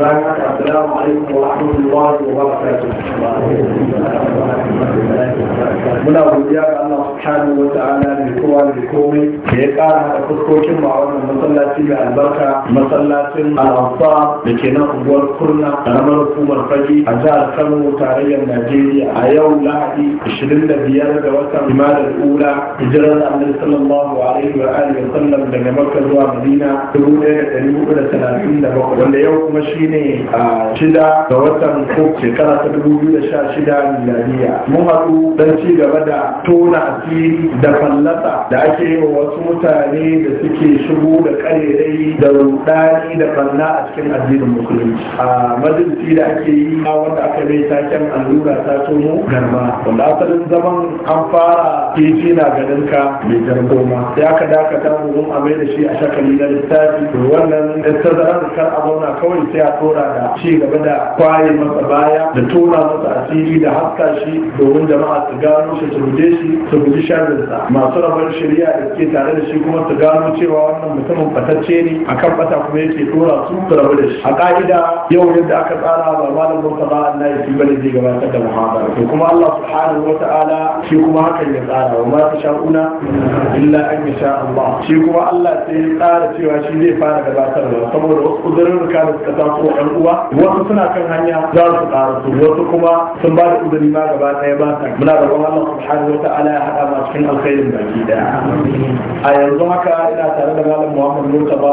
السلام عليكم ورحمة الله وبركاته muna godiya ga Allah subhanahu wa ta'ala mai kowa mai komai da ya kara haɗa fuskokin ba wannan masallaci mai albarka masallacin al-ansa da ke nan unguwar kurna karamar hukumar fage a jihar Kano tarayyar Najeriya a yau Lahadi 25 ga watan Jumadal Ula hijirar Annabi sallallahu alaihi wa alihi wa sallam daga Makka zuwa Madina 1437 wanda yau kuma shi shine a shida ga watan ko shekara ta dubu biyu da sha shida miladiya mun haɗu don ci gaba da tona asiri da fallasa da ake yi wa wasu mutane da suke shigo da ƙarerai da rudani da banna a cikin addinin musulunci a majalisi da ake yi a wanda aka mai taken allura ta tono garba wanda asalin zaman an fara keji na ganin ka mai jargoma ya ka dakata mun a mai da shi a shakali na littafi wannan da zarar kar a zauna kawai sai a Tura da ci gaba da kwaye masa baya da tura masa asiri da haska shi domin jama'a su gano shi su guje shi su guji sharrinsa masu rabar shari'a da ke tare da shi kuma su gano cewa wannan mutumin fatacce ne akan fata kuma yake tura su su rabu da shi a ka'ida yau yadda aka tsara ba malam bauta ba Allah ya fi bane zai gabatar da muhammad to kuma Allah subhanahu wa ta'ala shi kuma hakan ya tsara wa ma tasha'una illa an sha Allah shi kuma Allah sai ya tsara cewa shi zai fara gabatarwa saboda wasu uzurin da suka taso wa ɗan uwa wasu suna kan hanya za su karasu wasu kuma sun ba da uzuri ma gaba ɗaya ba ta muna roƙon Allah subhanahu wata'ala ya haɗa ma cikin alkhairin baki ɗaya a yanzu haka ina tare da malam Muhammad Murtaba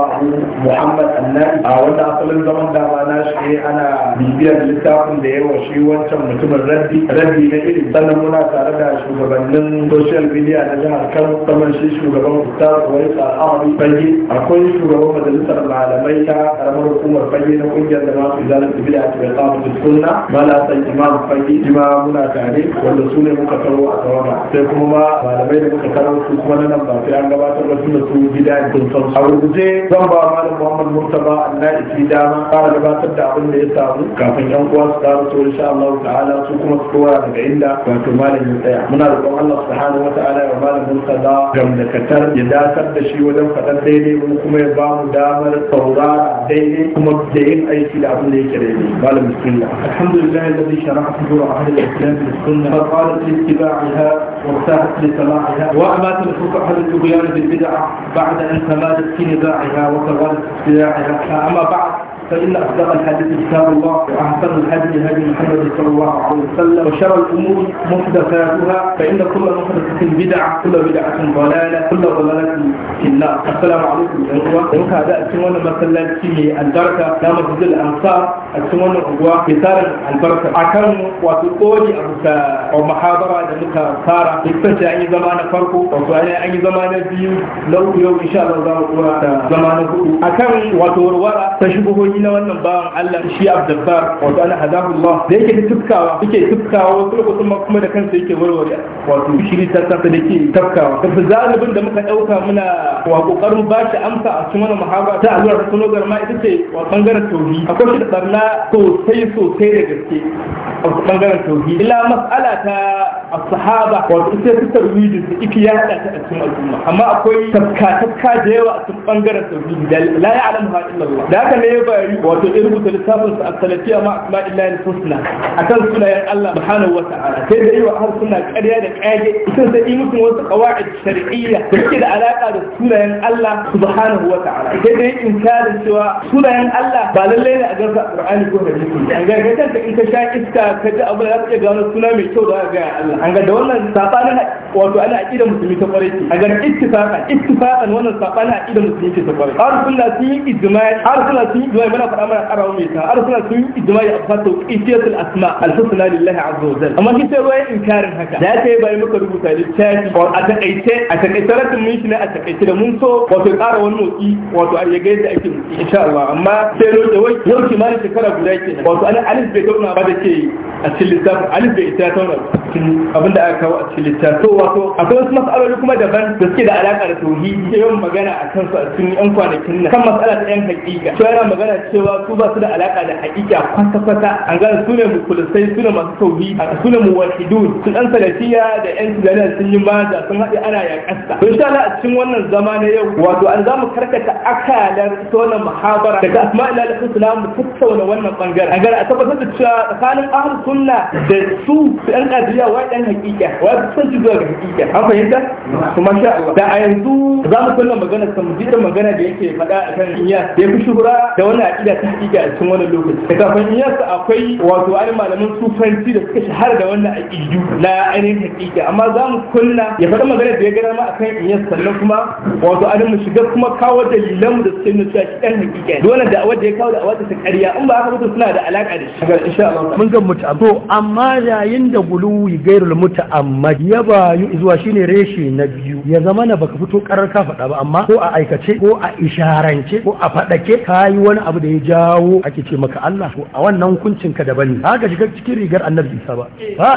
Muhammad Annabi a wanda asalin zaman dama na shi ana bibiyar littafin da yawa shi wancan mutumin raddi raddi na iri sannan muna tare da shugabannin social media na jihar Kano saman shi shugaban Ustaz Wai Sa'ari Fage akwai shugaban majalisar malamai ta karamar hukumar Fage na كونجر جماعة إزالة بدعة وإقامة السنة ما لا سي إمام فايدي جماعة منا تعليم والرسول مكتروا أتوانا سيكم ما malamai da muka karar su kuma na nan ba sai an gabatar da su da su gida in kun san a rubuce zan ba malam Muhammad Murtaba Allah isi dama fara gabatar da abin da ya samu kafin yan uwa su karu to insha Allah ta'ala su kuma su kowa daga inda wato malam ya tsaya muna roƙon Allah subhanahu wa ta'ala ya malam Murtaba gamdakatar ya dakatar da shi wajen faɗan daidai kuma ya ba mu damar saurara daidai kuma da yin الايه في العبد الله كريم قال بسم الله الحمد لله الذي شرح صدور اهل الاسلام للسنه فقالت لاتباعها وارتاحت لسماعها وابات الحكم اهل الطغيان بعد ان تمادت في نزاعها وتغلت في اتباعها بعد فإن أصدق الحديث كتاب الله وأحسن الحديث هدي محمد صلى الله عليه وسلم وشر الأمور محدثاتها فإن كل محدثة بدعة كل بدعة ضلالة كل ضلالة في النار السلام عليكم يا إخوة إنك هذا أتمنى مثلا في الدركة لا مسجد الأنصار أتمنى أقوى كتار البركة أكرم وتقولي أرسى ومحاضرة لأنك سارة يكتشى أي زمان فرقه وسؤال أي زمان بيو لو يوم إن شاء الله زمان فرقه أكرم وتورورة تشبهني addu'o'i na wannan bawan Allah shi Abdulbar wato ana hazabullah da yake tufkawa yake tufkawa wasu lokacin ma kuma da kansa yake warware wato shi ta tasa da yake tufkawa tafi zalibin da muka dauka muna wa kokarin ba shi amsa a cikin wannan ta allura ta sunogar ma ita ce wa bangaren tauhi akwai shi da barna sosai sosai da gaske a bangaren tauhi Ila mas'ala ta A sahaba wato sai su tarwidi da iki yada ta a cikin al'umma amma akwai tafka tafka da yawa a cikin bangaren tauhidi da la ya'lamu ha illallah da haka ne ya bayani wato irin rubuta littafin sa as-salafiyya ma asma'illahi al-husna akan sunayen Allah subhanahu wa ta'ala sai da yawa har suna ƙarya da ƙage ita sai mutum wasu qawaid shar'iyya da ke da alaka da sunayen Allah subhanahu wa ta'ala sai da in inkarin cewa sunayen Allah ba lalle ne a garsa Qur'ani ko hadisi an ga in ka sha iska ka ji abu da za gano suna mai kyau da ga Allah an ga da wannan sabanin wato ana aqidar musulmi ta kwarai a ga ittifaqan ittifaqan wannan a aqidar musulmi ta kwarai har sunna sun yi ijma'i har sunna sun yi ijma'i mana faɗa mana karawa mai ta har sunna sun yi ijma'i a fatu qiyatul asma al husna lillahi azza wa jalla amma shi sai wai inkarin haka da ta yi bayan muka rubuta littafi a takaice a takaice ratin mun shi ne a takaice da mun so wato ƙara wani motsi wato a ga yadda ake motsi insha Allah amma sai da wai yau ki kimanin shekara guda ke wato alif bai tauna ba da ke a cikin lissafin alif bai ita tauna cikin abin da aka kawo a cikin wato akwai wasu matsaloli kuma daban da suke da alaka da tauhidi yawan magana a kan su a cikin yan kwanakin nan kan matsalar yan hakika to yana magana cewa su ba su da alaka da haƙiƙa kwata kwata an gane su ne mukulisai su ne masu a su ne muwahidun sun dan salatiya da yan tijaniya sun yi maza sun haɗe ana yaƙasta to insha Allah a cikin wannan zama na yau wato an zamu karkata akalar ita wannan muhabara daga asma'il al-husna mu tattauna wannan bangare an gane a tabbatar da cewa tsakanin ahlus sunna da su yan qadiriya wai ɗan hakika wa sun ci zuwa ga hakika an fahimta kuma sha Allah da a yanzu za mu kulla magana kan jidan magana da yake faɗa a kan iya da ya fi shuhura da wani aƙida ta hakika a cikin wani lokaci da kafin iya su akwai wato ai malaman sufanci da suka shahara da wannan aƙidu na ainihin hakika amma za mu kulla ya faɗa magana da ya gana ma a kan iya sannan kuma wato ai mu shiga kuma kawo dalilan da suke nuna cewa shi ɗan hakika dole da wanda ya kawo da awata ta ƙarya in ba haka mutum suna da alaƙa da shi. Mun ga mutu amma yayin da guluwi gairu ghairul muta'ammad ya yu zuwa shine reshe na biyu ya zama na baka fito karar ka faɗa ba amma ko a aikace ko a isharance ko a faɗake ka yi wani abu da ya jawo ake ce maka Allah ko a wannan kuncin ka daban ne haka shiga cikin rigar annabi Isa ba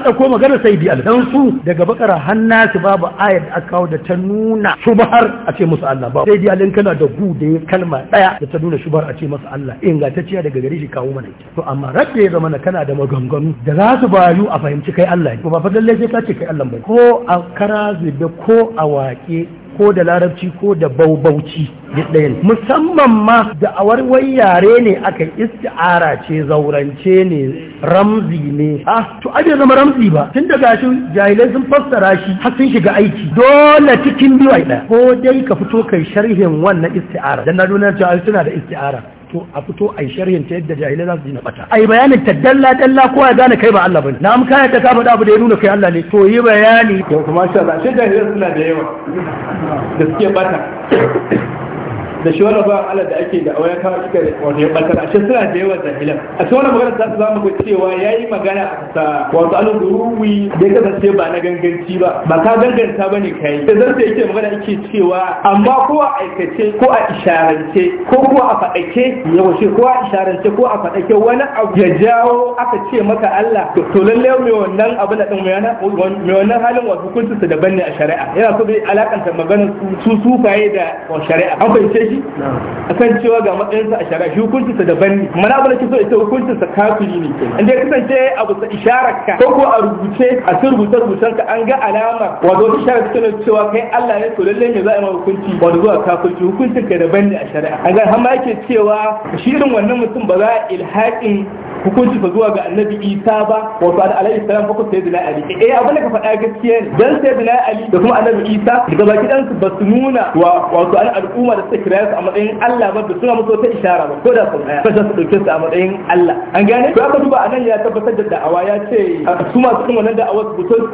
ba ko magana sai bi al dan su daga bakara hannasi babu ayat da aka da ta nuna shubhar a ce musu Allah ba sai bi alin kana da gu da kalma daya da ta nuna shubhar a ce masa Allah ta ciya daga gare shi kawo mana to amma rabbe ya zama kana da maganganu da za su bayu a fahimci kai Allah ne ba lalle sai ka ce kai Allah bai ko a kara zube ko a waƙe ko da larabci ko da baubauci ɗayan musamman ma da awarwar yare ne aka isti'ara ce zaurance ne ramzi ne A to aje zama ramzi ba tun da gashi jahilai sun fassara shi har sun shiga aiki dole cikin biwai ɗaya ko dai ka fito kai sharhin wannan isti'ara dan na nuna cewa suna da isti'ara to a fito a yi sharhin ta yadda jahilai za su ji na bata ai bayanin ta dalla dalla ko ya gane kai ba Allah bane na am kai ta kafa da abu da ya nuna kai Allah ne to yi bayani to kuma insha Allah shi jahilai suna da yawa da suke bata da shi wani bayan da ake da auya kawo shi da wata ya ɓatar Ashe suna da yawan zahilan a shi wani magana za su zama ga cewa ya yi magana a sa wasu alurruwi da ya kasance ba na ganganci ba ba ka ganganta ba ne kai da zarta yake magana yake cewa amma ko a aikace ko a isharance ko ko a faɗake yawanci ko a isharance ko a faɗake wani abu ya jawo aka ce maka Allah to lallai mai wannan abu da ɗin mai wannan halin wasu hukuncinsa daban ne a shari'a yana so bai alakanta maganar su su sufaye da shari'a an ce ji akan cewa ga matsayinsa a shari'a shi hukuncinsa daban ne mana abu da ke so ita hukuncinsa kafiri ne inda ya kasance abu sa isharar ka ko ko a rubuce a cikin rubuta rubutan ka an ga alama wato wata isharar ta nuna cewa kai Allah ne so lalle ne za a yi ma hukunci wato zuwa kafirci hukuncin ka daban ne a shari'a an ga har yake cewa shi irin wannan mutum ba za a ilhaƙin hukunci ba zuwa ga annabi isa ba wato da alaihi salam ko sai da ali eh abin da ka faɗa gaskiya ne dan sai da ali da kuma annabi isa da baki dan su ba su nuna wato an al'umma da suka kira kira su a matsayin Allah ba suna mutu ta ishara ba ko da kun aya ba su dauke su a matsayin Allah an gane ko aka duba anan ya tabbatar da da'awa ya ce su masu kuma nan da'awa su fito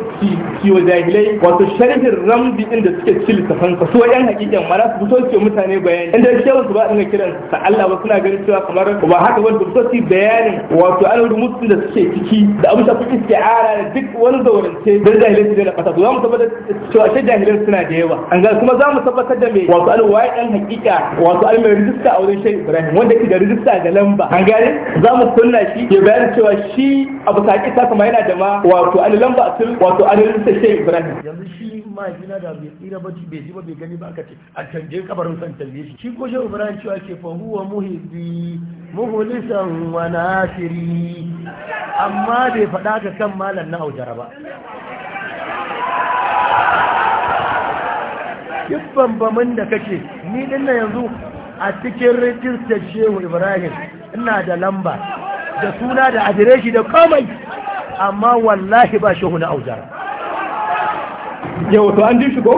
ci wa jahilai wato sharhin ramzi din da suke cikin littafan su wa yan hakikan ma su fito su mutane bayani inda shehu su ba dinga kiran sa Allah ba suna ganin cewa kamar ba haka wanda fito ci bayani wato alu musulun da suke ciki da abu ta shafi isti'ara da duk wani zaurance da jahilai su da fata za mu tabbatar cewa shi jahilai suna da yawa an ga kuma za mu tabbatar da me wato alwai dan hakika da wato ai mai rijista a wurin shehu ibrahim wanda ke da rijista ga lamba an gane za mu kunna shi ya bayar cewa shi abu saƙi ta kuma yana da ma wato an lamba a asul wato an rijista shehu ibrahim yanzu shi ma mahaifina da bai tsira ba bai ji ba bai gani ba aka ce a canje kabarin san canje shi shi ko shehu ibrahim cewa ke fahu wa muhibbi muhulisan wa nasiri amma bai faɗa ga kan malam na aujara ba duk bambamin da kake ni dinna yanzu a cikin rijistar shehu ibrahim ina da lamba da suna da adireshi da komai amma wallahi ba shehu na aujara yau to an ji shi ko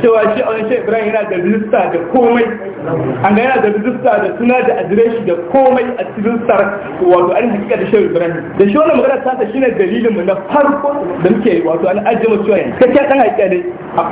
cewa shi a wani ibrahim yana da rijista da komai an ga yana da rijista da suna da adireshi da komai a cikin sar wato an hakika da shehu ibrahim da shi wannan magana ta shine dalilin mu na farko da muke wato an ajjima cewa cikakken dan hakika ne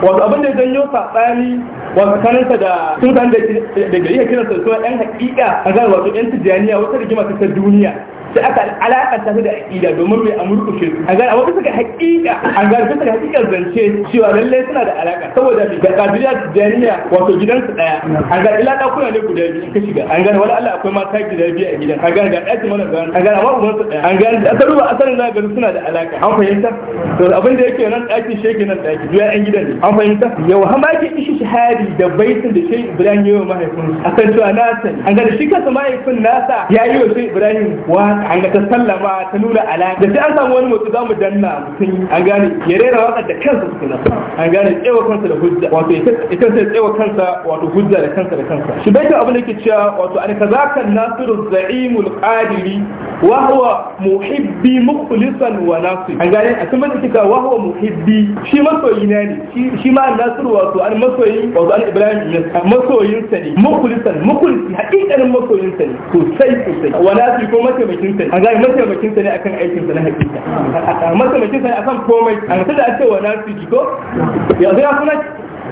wato abin da janyo sabani wato kanansa da sun san da da iya kiransa da suna yan hakika a ga wato yan tijaniya wata rigima ta duniya sai aka alakanta su da aƙida domin mai amurkushe a gani amma bisa ga haƙiƙa an gani bisa ga haƙiƙar zance cewa lallai suna da alaƙa saboda da ga ƙabiliya tijjaniya wato gidansu ɗaya an gani ila ɗakuna ne guda biyu ka shiga an gani wani allah akwai mata guda biyu a gidan an gani ga ɗaki mana gani an gani amma umarsu ɗaya an gani da asarin ba asarin na gani suna da alaƙa an fahimta to abin da yake nan ɗaki shi yake nan ɗaki biya ɗan gidan ne an fahimta yau har ma yake ishi shahari da baitin da shi ibrahim ya yi wa mahaifinsa akan cewa na sani an gani shi kansa mahaifin nasa ya yi wa shi ibrahim wa an ga ta sallama ta nuna ala da sai an samu wani mutu za mu danna mutum an gane ya rera waka da kansa su kenan an gane tsewa kansa da hujja wato ita sai tsewa kansa wato hujja da kansa da kansa shi bai ta abin da ke cewa wato an kaza kan nasiru za'imul qadiri wa huwa muhibbi mukhlisan wa nasir an gane a cikin mutuka wa huwa muhibbi shi masoyi na ne shi ma Nasiru wato an masoyi wato an ibrahim ne masoyin sa ne mukhlisan mukhlisan hakikanin masoyin sa ne sosai sosai wa nasir ko mataimakin mataimakin sa kaga mataimakin sa ne akan aikin sa na hakika mataimakin sa ne akan komai a da ake wa nasu jiko yanzu ya kuma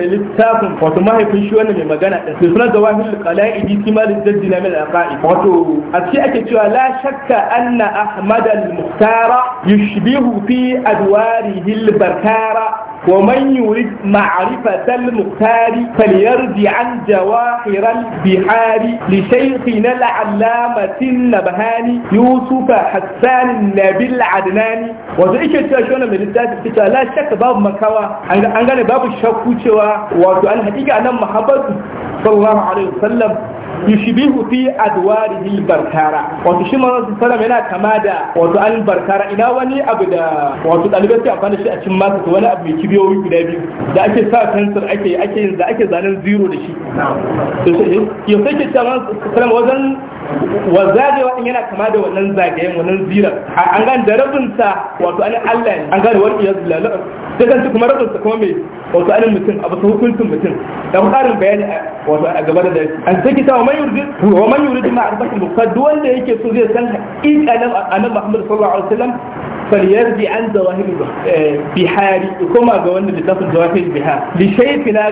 rubuta littafin wato mahaifin shi wannan mai magana da suna da wahil qala'idi fi mal jaddina min aqa'i wato a ce ake cewa la shakka anna ahmad al-muhtara yushbihu fi adwarihi al-barkara ومن يريد معرفة المختار فليرجع عن جواهر البحار لشيخنا العلامة النبهاني يوسف حسان النبيل عدناني wato yake cewa shi wannan mai littafi cewa la shakka babu makawa an gane babu shakku wato an nan muhammadu yushbihu fi adwarihi barkara. wato shi manzon sallallahu yana kama da wato an barkara ina wani abu da wato dalibai suke amfani shi a cikin masu wani abu mai kibiyoyi guda biyu da ake sa fensir ake ake yin da ake zanen zero da shi to sai ke cewa sallallahu wajen wa zagewa din yana kama da wannan zagayen wannan zira an gane da rabinsa wato an Allah ne an gane wani yanzu lalata sai kanta kuma rabinsa kuma mai wato an mutum abu ta hukuncin mutum da karin bayani wato a gaba da dare an sai kita wa man yurdi wa man yurdi ma arbatin mukaddu wanda yake so zai san haƙiƙanin annabi Muhammad sallallahu alaihi wasallam falyarji an zawahir bihari koma ga wanda wannan littafin zawahir bihar li shaykhina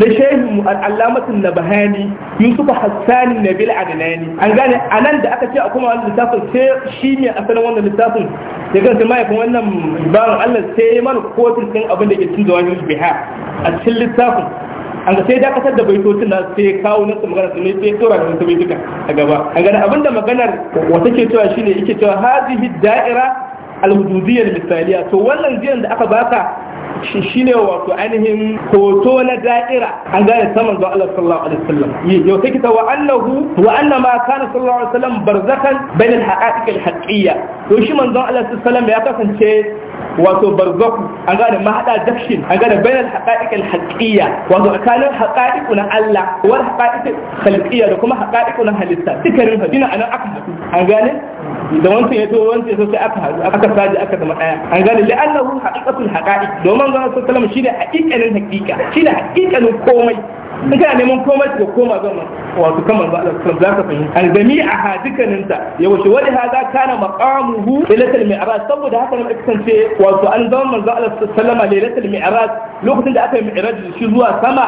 na shaykhu al-allamatin nabahani yusuf hassan nabil adnani an gane a nan da aka ce a kuma wannan littafin sai shi ne asalin wannan littafin ya ganta mahaifin wannan bawan Allah sai ya mana kotun din abin da ke cikin zawahir bihar a cikin littafin an ga sai dakatar da baitocin na sai kawo na su magana su ne sai tura da su duka a gaba an gane abinda maganar wata ke cewa shine yake cewa hazihi da'ira alwujudiyyar misaliya to wannan jiyan da aka baka shi ne wato ainihin hoto na da'ira an gane saman manzo Allah sallallahu alaihi wasallam yau take ta wa annahu wa anna ma kana sallallahu alaihi wasallam barzakan bain al haqa'iq al haqqiyya to shi manzo Allah sallallahu alaihi wasallam ya kasance wato barzaku an gane mahada dakshin an gane bain al haqa'iq al haqqiyya wato tsakanin haqa'iq na Allah wal haqa'iq khalqiyya da kuma haqa'iq na halitta dukkanin hadina anan aka an gane da wancan ya to wancan ya so sai aka haɗu aka saji aka zama daya an gane li'annahu haqiqatul haqa'iq domin manzo Allah sallallahu alaihi shine hakikanin hakika komai in kana neman komai ka koma ga wato kan manzo Allah zaka fahimta alzami a hadikanin ta yawashi wani hada kana maqamuhu lailatul mi'raj saboda haka ne kasance wato an zama manzo Allah lailatul mi'raj lokacin da aka yi mi'raj shi zuwa sama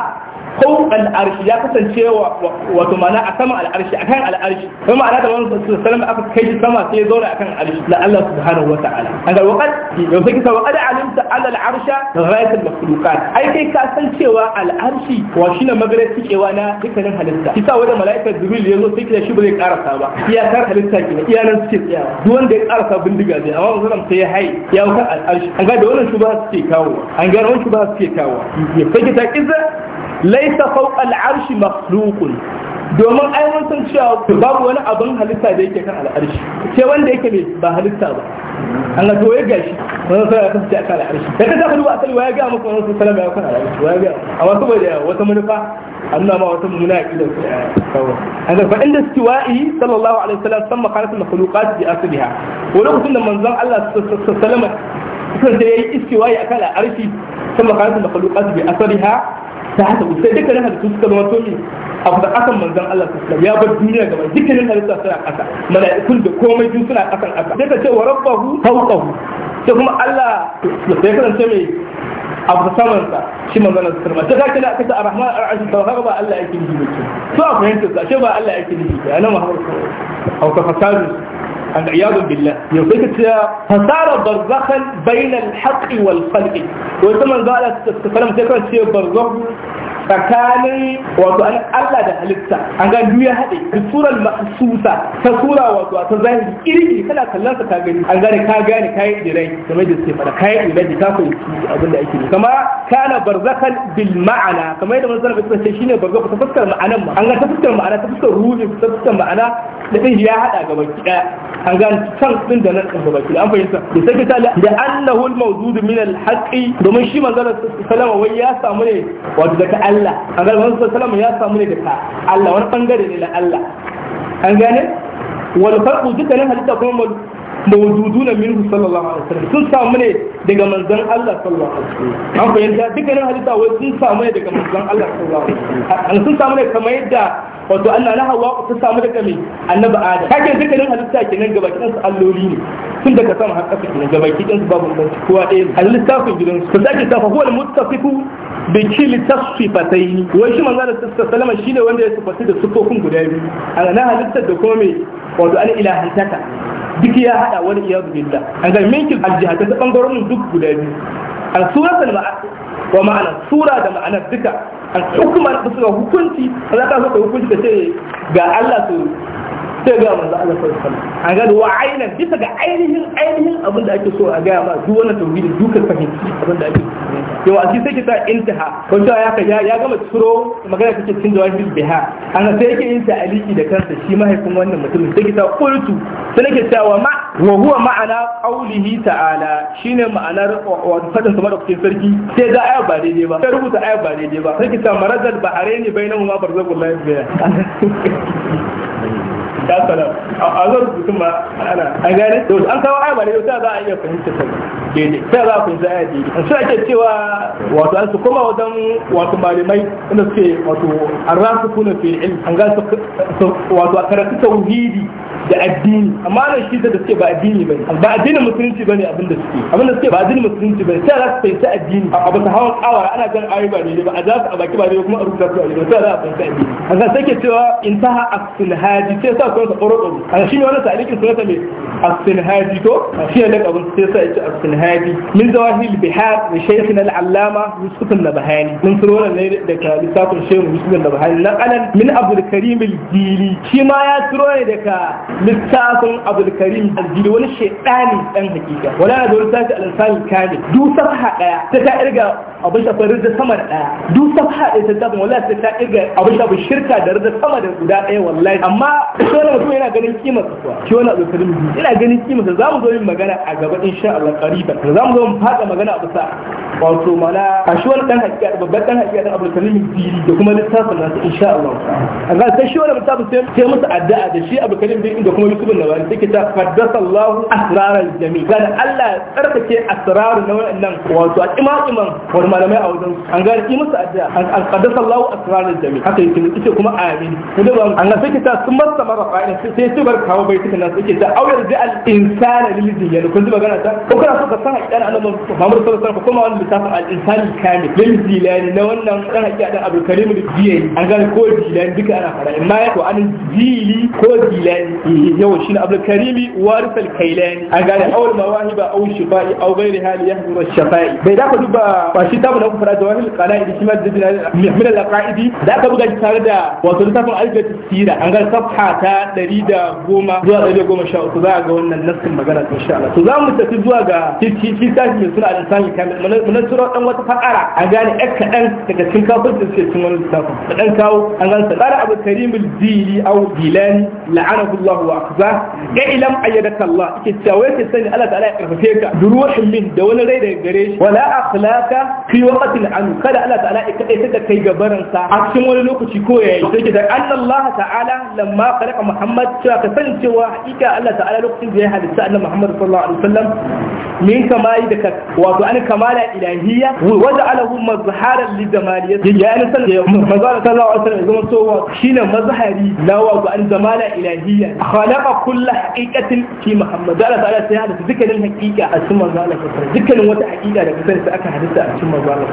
kau al'arshi ya kasancewa wato mana a sama al'arshi a al'arshi kai ma'ana da wani su salama aka kai shi sama sai zo da akan al'arshi la Allah subhanahu wa ta'ala an ga wakad yau sai kisa wakad alimta ala al'arsha da rayat al-makhluqat ai kai ka san cewa al'arshi wa shine magarar tikewa na dukkanin halitta kisa wanda mala'ikar jibril ya zo sai shi ba zai karasa ba iyakar halitta ke iyanan suke tsayawa duk wanda ya karasa bindiga zai amma wanda sai ya hai ya wuka al'arshi an ga da wannan shi ba su ke kawo an ga wannan shi ba su ke kawo laisa fawqa al'arshi makhluqun domin ai mun san cewa babu wani abin halitta da yake kan al'arshi sai wanda yake mai ba halitta ba an ga to ya gashi wannan sai ya kasance akan al'arshi da kaza kullu asali wa ya ga muku wannan sallama ya kan al'arshi wa ya ga amma saboda wata manufa Allah ma wata muna aqida su kawai an ga fa inda istiwa'i sallallahu alaihi wasallam samma qalat al-makhluqat bi asliha wa lokacin da manzon Allah sallallahu alaihi wasallam sai yayi istiwa'i akan al'arshi samma qalat al-makhluqat bi asliha ta haka sai dukkanin halittu suka zama tomi a kusa akan manzan Allah sallallahu ya bar duniya gaba dukkanin halittu suna kasa mala'ikun da komai duk suna kasan kasa sai ka ce wa rabbahu fawqahu sai kuma Allah sai karanta mai abu saman sa shi manzan Allah sallallahu alaihi wasallam ta kace ar-rahman ar to haka ba Allah yake nufi to a fahimta ba Allah yake nufi ana Muhammad sallallahu alaihi wasallam al'iyadu billah yau sai ka cewa fasara barzakhan bainal haqqi wal khalqi to sai manzo Allah sallallahu alaihi wasallam sai ka barzakh tsakanin wato an Allah da halitta an ga duniya haɗe da surar masusa ta sura wato ta zahiri kirki kana kallon sa ka gani an gane ka gane kai dirai kamar da suke fada kai ilaji ka fahimci abin da ake yi kama kana barzakan bil ma'ana kamar yadda manzon Allah ya shine barzakh ta fuskar ma'anan ma an ga ta fuskar ma'ana ta fuskar ruhi ta fuskar ma'ana da din ya hada gaba ki daya an gane can din da nan kanta baki an fahimta da sai ta da annahu al-mawjud min al-haqqi domin shi manzon sallama wai ya samu ne wato daga Allah an gane manzon sallama ya samu ne daga Allah wani bangare ne na Allah an gane wal farqu dukkan halitta kuma na minhu sallallahu alaihi wasallam sun samu ne daga manzon Allah sallallahu alaihi wasallam an fahimta dukkanin hadisa wai sun samu ne daga manzon Allah sallallahu alaihi wasallam sun samu ne kamar yadda wato Allah na hawa ta samu daga mai annabi Adam kake dukkanin ke kenan gaba kidan su alloli ne tun daga sama har ke kenan gaba kidan su babu ban kowa ɗaya ne halittafin gidan su zaki tafa huwa al-muttafiqu bi kili tasfifatayn wai shi manzon Allah sallallahu alaihi wasallam shine wanda ya sifatu da sifofin guda biyu ana halittar da kuma mai wato an ilahantaka duk ya hada wani iya billah an ga minkin aljihata ta bangarorin duk guda biyu al suratul wa ma'ana sura da ma'ana duka al hukuma da suka hukunci za ka so ka hukunci ka ce ga Allah to sai ga manzo Allah sallallahu alaihi wasallam a ga wa ainan bisa ga ainihin ainihin abin da ake so a ga ma duk wannan tauhidi duka fahimci abin da ake so yawa shi sai kita intaha ko to ya ka ya gama tsuro magana take cikin jawabi biha an sai yake yin ta'aliki da kansa shi mahaifin wannan mutumin sai kita qultu sai nake cewa ma wa huwa ma'ana qaulihi ta'ala shine ma'anar wa fadin sa madaukakin sarki sai ga aya ba daidai ba sai rubuta aya ba daidai ba sai kita marajal bahareni bainahuma barzakhul la yabghiya ya salam a zan rubutun ma ana an gane da an kawo aya ne da yau za a iya fahimta ta daidai ta za a fahimta ya daidai su ake cewa wato an su koma wajen wato malamai inda suke wato an rasu kuna fi ilm an gasa wato a karatu tauhidi da addini amma nan shi da suke ba addini bane ba addinin musulunci bane abin da suke abin da suke ba addinin musulunci bane sai za su fahimci addini a ba su hawa kawara ana jan ayoyi ba ne ba a za su a baki ba ne kuma a rubuta su a ne sai za a fahimci addini haka sai ke cewa intaha as-sinhaji sai sa sunan sa qoro haka shine wannan ta'liqin sunan sa ne as-sinhaji to shi daga abin sai sa yace as-sinhaji min zawahil bihar da shaykhina al-allama yusuf an-nabhani mun furo wannan ne daga lissafin shehu yusuf an-nabhani na anan min abu da al-jili shi ma ya turo ne daga littafin abdulkarim aljiri wani shaidani dan hakika wala na da wani tafi al-insani kamil du safha daya ta ta irga abin da sama da daya du safha daya ta tafi wala ta ta irga abin da da sama da guda amma shi wani mutum ganin kimar sa kuwa shi wani abdulkarim yana ganin kimar zo yin magana a gaba insha Allah qariban zo magana a wato mana a shi wani dan hakika babban dan hakika dan abdulkarim jiri da kuma littafin nasa insha Allah a ga sai shi wani mutum sai musu addu'a da shi da kuma yusuf da wani take ta faddasa Allah asrarar jami ga da Allah ya tsarkake asrarar na wannan wato imaman wani malamai a wajen an ga yi musu addu'a an faddasa Allah asrarar jami haka yake ne ita kuma amin ko da an ga take ta sun masa mara fa'ida sai su bar kawo bai take nan take da auyar da al insana lil jinyan kun ji magana ta ko kana so ka san hakika annabi Muhammad sallallahu alaihi wasallam kuma wannan littafin al insani kamil lil jilani na wannan dan hakika dan Abdul Karim al Jilani an ga ko jilani duka ana fara amma ya to an jili ko jilani يو شين عبد الكريم وارث الكيلاني قال اول مواهب او شفاء او غيرها ليحضر الشفاء بيدا كدبا باشي تابو لو فرا جواهر القلائد شي من القائدي da aka buga shi tare da wato littafin alifati sira an ga safha ta 110 zuwa 113 za a ga wannan nassin magana to insha Allah to za mu tafi zuwa ga shi shi tashi mai suna al-insani kamil munasira dan wata fakara an gane ɗan kaɗan daga cikin kafirci suke cikin wannan littafin da dan kawo an gane sa qala abu karim al-dili aw dilani la'anahu Allah Allahu akbar ga ilam ayyadaka Allah yake cewa yake sani Allah ta'ala ya karfafe ka duruhin min da wani rai daga gare shi wala akhlaqa fi waqtin an kada Allah ta'ala ya kai da kai gabaran sa a cikin wani lokaci ko yayi yake da anna Allah ta'ala lamma khalaqa Muhammad cewa ka sani cewa hakika Allah ta'ala lokacin da ya halitta annabi Muhammad sallallahu min kamali da ka wato an kamala ilahiyya wa ja'alahu mazharan li ya da ya zama to shine mazhari na wato an zamala ilahiyya خلق كل حقيقة في محمد قال تعالى سيادة ذكر الحقيقة أسمى ذلك ذكر وتا حقيقة لكسر سأكا حدثة أسمى ذلك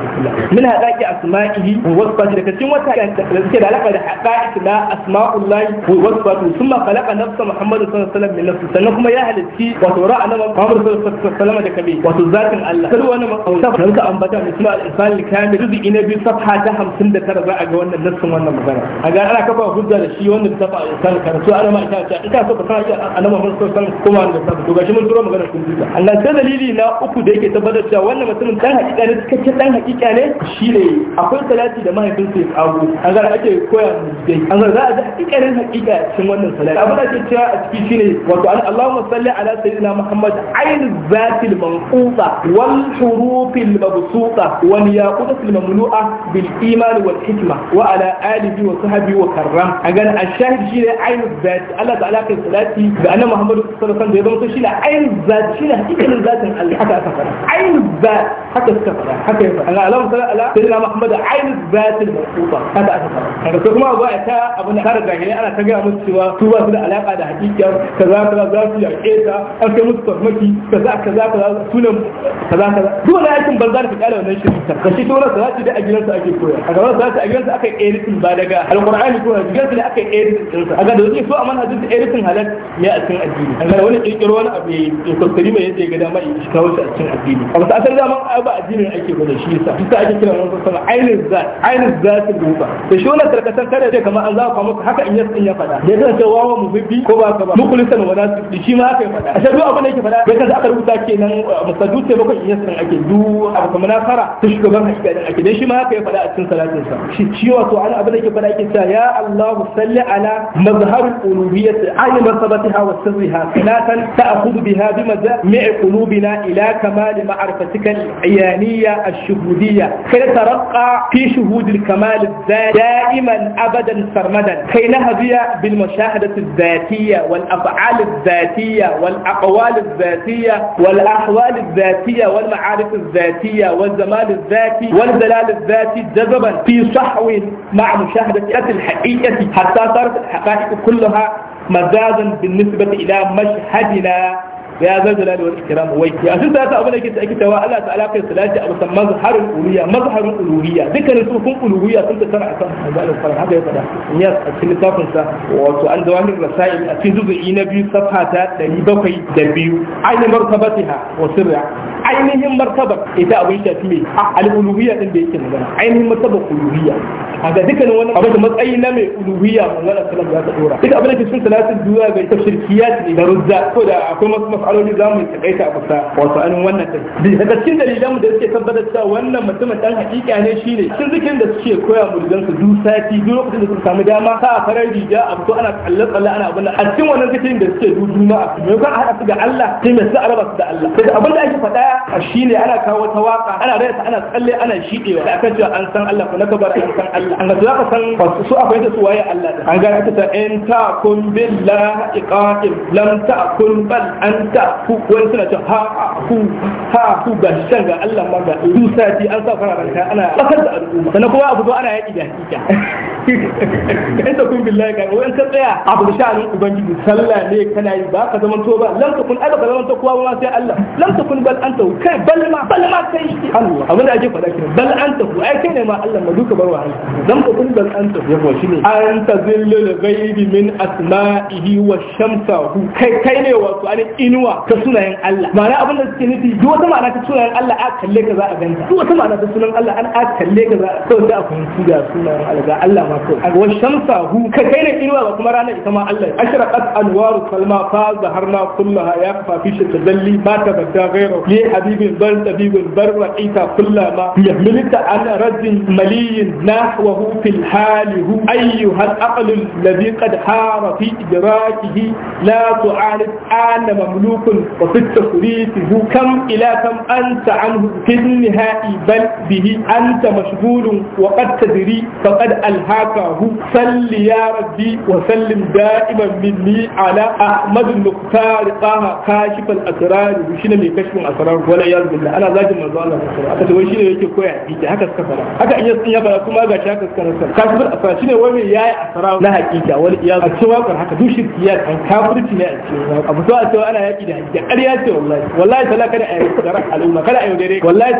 منها ذاك أسمائه ووصفاته لكسر وتا ذكر لك حقائق لا أسماء الله ووصفة ثم خلق نفس محمد صلى الله عليه وسلم من نفسه يا أهل في وتوراء نمى محمد صلى الله عليه وسلم دكبي وتزاك الله سلوى نمى مقصف نفس أنبتا من اسماء الإنسان الكامل جزء إنبي صفحة جهم سندة ترى ذا أجوانا نفس وانا مغانا أقول أنا كفا وفضل الشيء وأن بتفع الإنسان كان سؤال ما إنسان ita so ka sa iya annabi Muhammad sallallahu alaihi kuma da sabu to gashi mun turo magana kun duka Allah sai dalili na uku da yake tabbatar cewa wannan mutumin dan hakika ne cikakken dan hakika ne shine akwai salati da mahaifin sai abu an ga ake koya dai an ga za a ji hakikanin hakika cikin wannan salati abin da ake cewa a ciki shine wato Allahumma salli ala sayyidina Muhammad ayn zatil manquta wal hurufil mabsuta wal yaqutil mamlu'a bil iman wal hikma wa ala alihi wa sahbihi wa karram A ga ashahid shine ayn zat Allah ta'ala ta'ala salati ga annabi Muhammad sallallahu alaihi wasallam da ya zama to shine ainihin zat shine hakikanin zatin Allah haka aka fara ainihin zat haka suka fara haka ya fara Allah sallallahu alaihi wasallam Muhammad ainihin zatin marfuta haka aka fara kaga sai kuma ba ta abu na kare gahiri ana ta ga musu cewa su ba su da alaka da hakika kaza kaza za su yaƙe ta an kai musu farmaki kaza kaza kaza sunan kaza kaza duk wani aikin banza da fitala wannan shirin ka shi to wannan salati da a gidansa ake koya a gaban salati a gidansa aka yi ba daga alqur'ani ko a gidansa ne aka yi a ga da yake so a manhajin rashin halal ya a cikin addini wani kirkiro wani abu ya kwastari mai yadda ya ga dama ya kawo shi a cikin addini a wasu asali daman ba addinin ake gwada shi yasa shi sa ake kiran wani sassana ainihin zat ainihin zat rufa da shi wannan tarkatan kada ce kamar an za ka maka haka in ya ya faɗa ya zan ce wawa muhibbi ko ba ka ba mukulisan wa nasu shi ma haka ya faɗa a shaɗu abin da yake faɗa ya kaza aka rubuta kenan uh, musadu sai bakwai in ya san ake du abu kamar na fara ta shugaban hakika din ake dan shi ma haka ya faɗa a cikin salatin sa shi ciwa to an abin da yake faɗa yake ya Allahu salli ala mazharul أي مرتبتها وسرها ثلاثا تأخذ بها مع قلوبنا إلى كمال معرفتك العيانية الشهودية كي نترقى في شهود الكمال الذاتي دائما أبدا سرمدا كي نهدي بالمشاهدة الذاتية والأفعال الذاتية والأقوال الذاتية والأحوال الذاتية والمعارف الذاتية والزمان الذاتي والدلال الذاتي جذبا في صحو مع مشاهدة الحقيقة حتى صارت الحقائق كلها magazan bin nisbati ila mashhadina ya zalzala da wani ikram waiki a sun sa ta abin da ke ake cewa Allah ta'ala kai salati a musan mazharul uluhiyya mazharul uluhiyya dukkan su kun uluhiyya sun ta tara akan mazharul faran haka ya fada ya a cikin littafin sa wato an zawahir rasail a cikin juzu'i na biyu safha ta 702 ainihin martabatiha wa sirra ainihin martabar abin ainihin martabar uluhiyya kaga dukkanin wannan abin da matsayi na mai uluhiyya manzon sallallahu ya ta dora ita abin da ke cikin salatin duwa ga tafsirkiyat ne da ruzza ko da akwai wasu mas'aloli za mu takaita a kusa wato an wannan kai da cikin dalilan mu da suke tabbatar cewa wannan mutumin dan hakika ne shine cikin zikirin da suke koya mu rigan su du sati duk lokacin da suka samu dama sa a farar riga a fito ana tsalle tsalle ana abin a cikin wannan zikirin da suke du juma'a me ka hada su ga Allah sai me su araba su da Allah sai abin da ake faɗa a shine ana kawo wata waka ana rayata ana tsalle ana shidewa da akan cewa an san Allah ko na kabar an san Allah Allah za ka san su akwai da waye Allah da an gane ta in ta kun billahi iqaqim lam ta kun bal anta ku wani suna ta ha ku ha ku ga shan ga Allah ma ga sati an sa fara ana kasar da al'umma sannan kuma abu ana yaki da hakika kai ta kun billahi ka wai ka tsaya abu sha'anin ubangiji sallah ne kana yi ba ka zaman to ba lam ta kun aka zaman ta kuwa ma sai Allah lam takun bal anta kai bal ma bal ma kai Allah abin da ake faɗa kira bal anta ku ai kai ne ma Allah ma duka barwa Allah lam kun bal anta ya ko shine anta zillul ghaibi min asma'ihi wa shamsahu kai kai ne wato an inuwa Ka sunayen Allah ma'ana abin da suke nufi duk wata ma'ana ta sunayen Allah a kalle ka za a ganta duk wata ma'ana ta sunan Allah an a kalle ka za a kawai da a fahimci da sunayen Allah ga Allah ma wa shamsa hu ka kai ne inuwa ba kuma ranar ita ma Allah ashraqat anwaru salma fa zaharna kullaha ya kafa fi shi tadalli ma tabadda ghayra li habibin bal tabibin bar ra'ita kullama yahmilta ala rajin maliyin nahwahu fil hali hu ayyuha al aql alladhi qad hara fi idrakihi la tu'alid ana mamlukun wa fi tasrifihi kam ila kam anta anhu fi nihai bal bihi anta mashghulun wa qad tadri faqad alha hu salli ya rabbi wa sallim ala ahmad al-muqtar qaha kashif al-asrar shi ne mai in ya fara kuma a cikin wakar a a ana yaki da hakika ƙarya ce a yi tsara al'umma kada a yaudare wallahi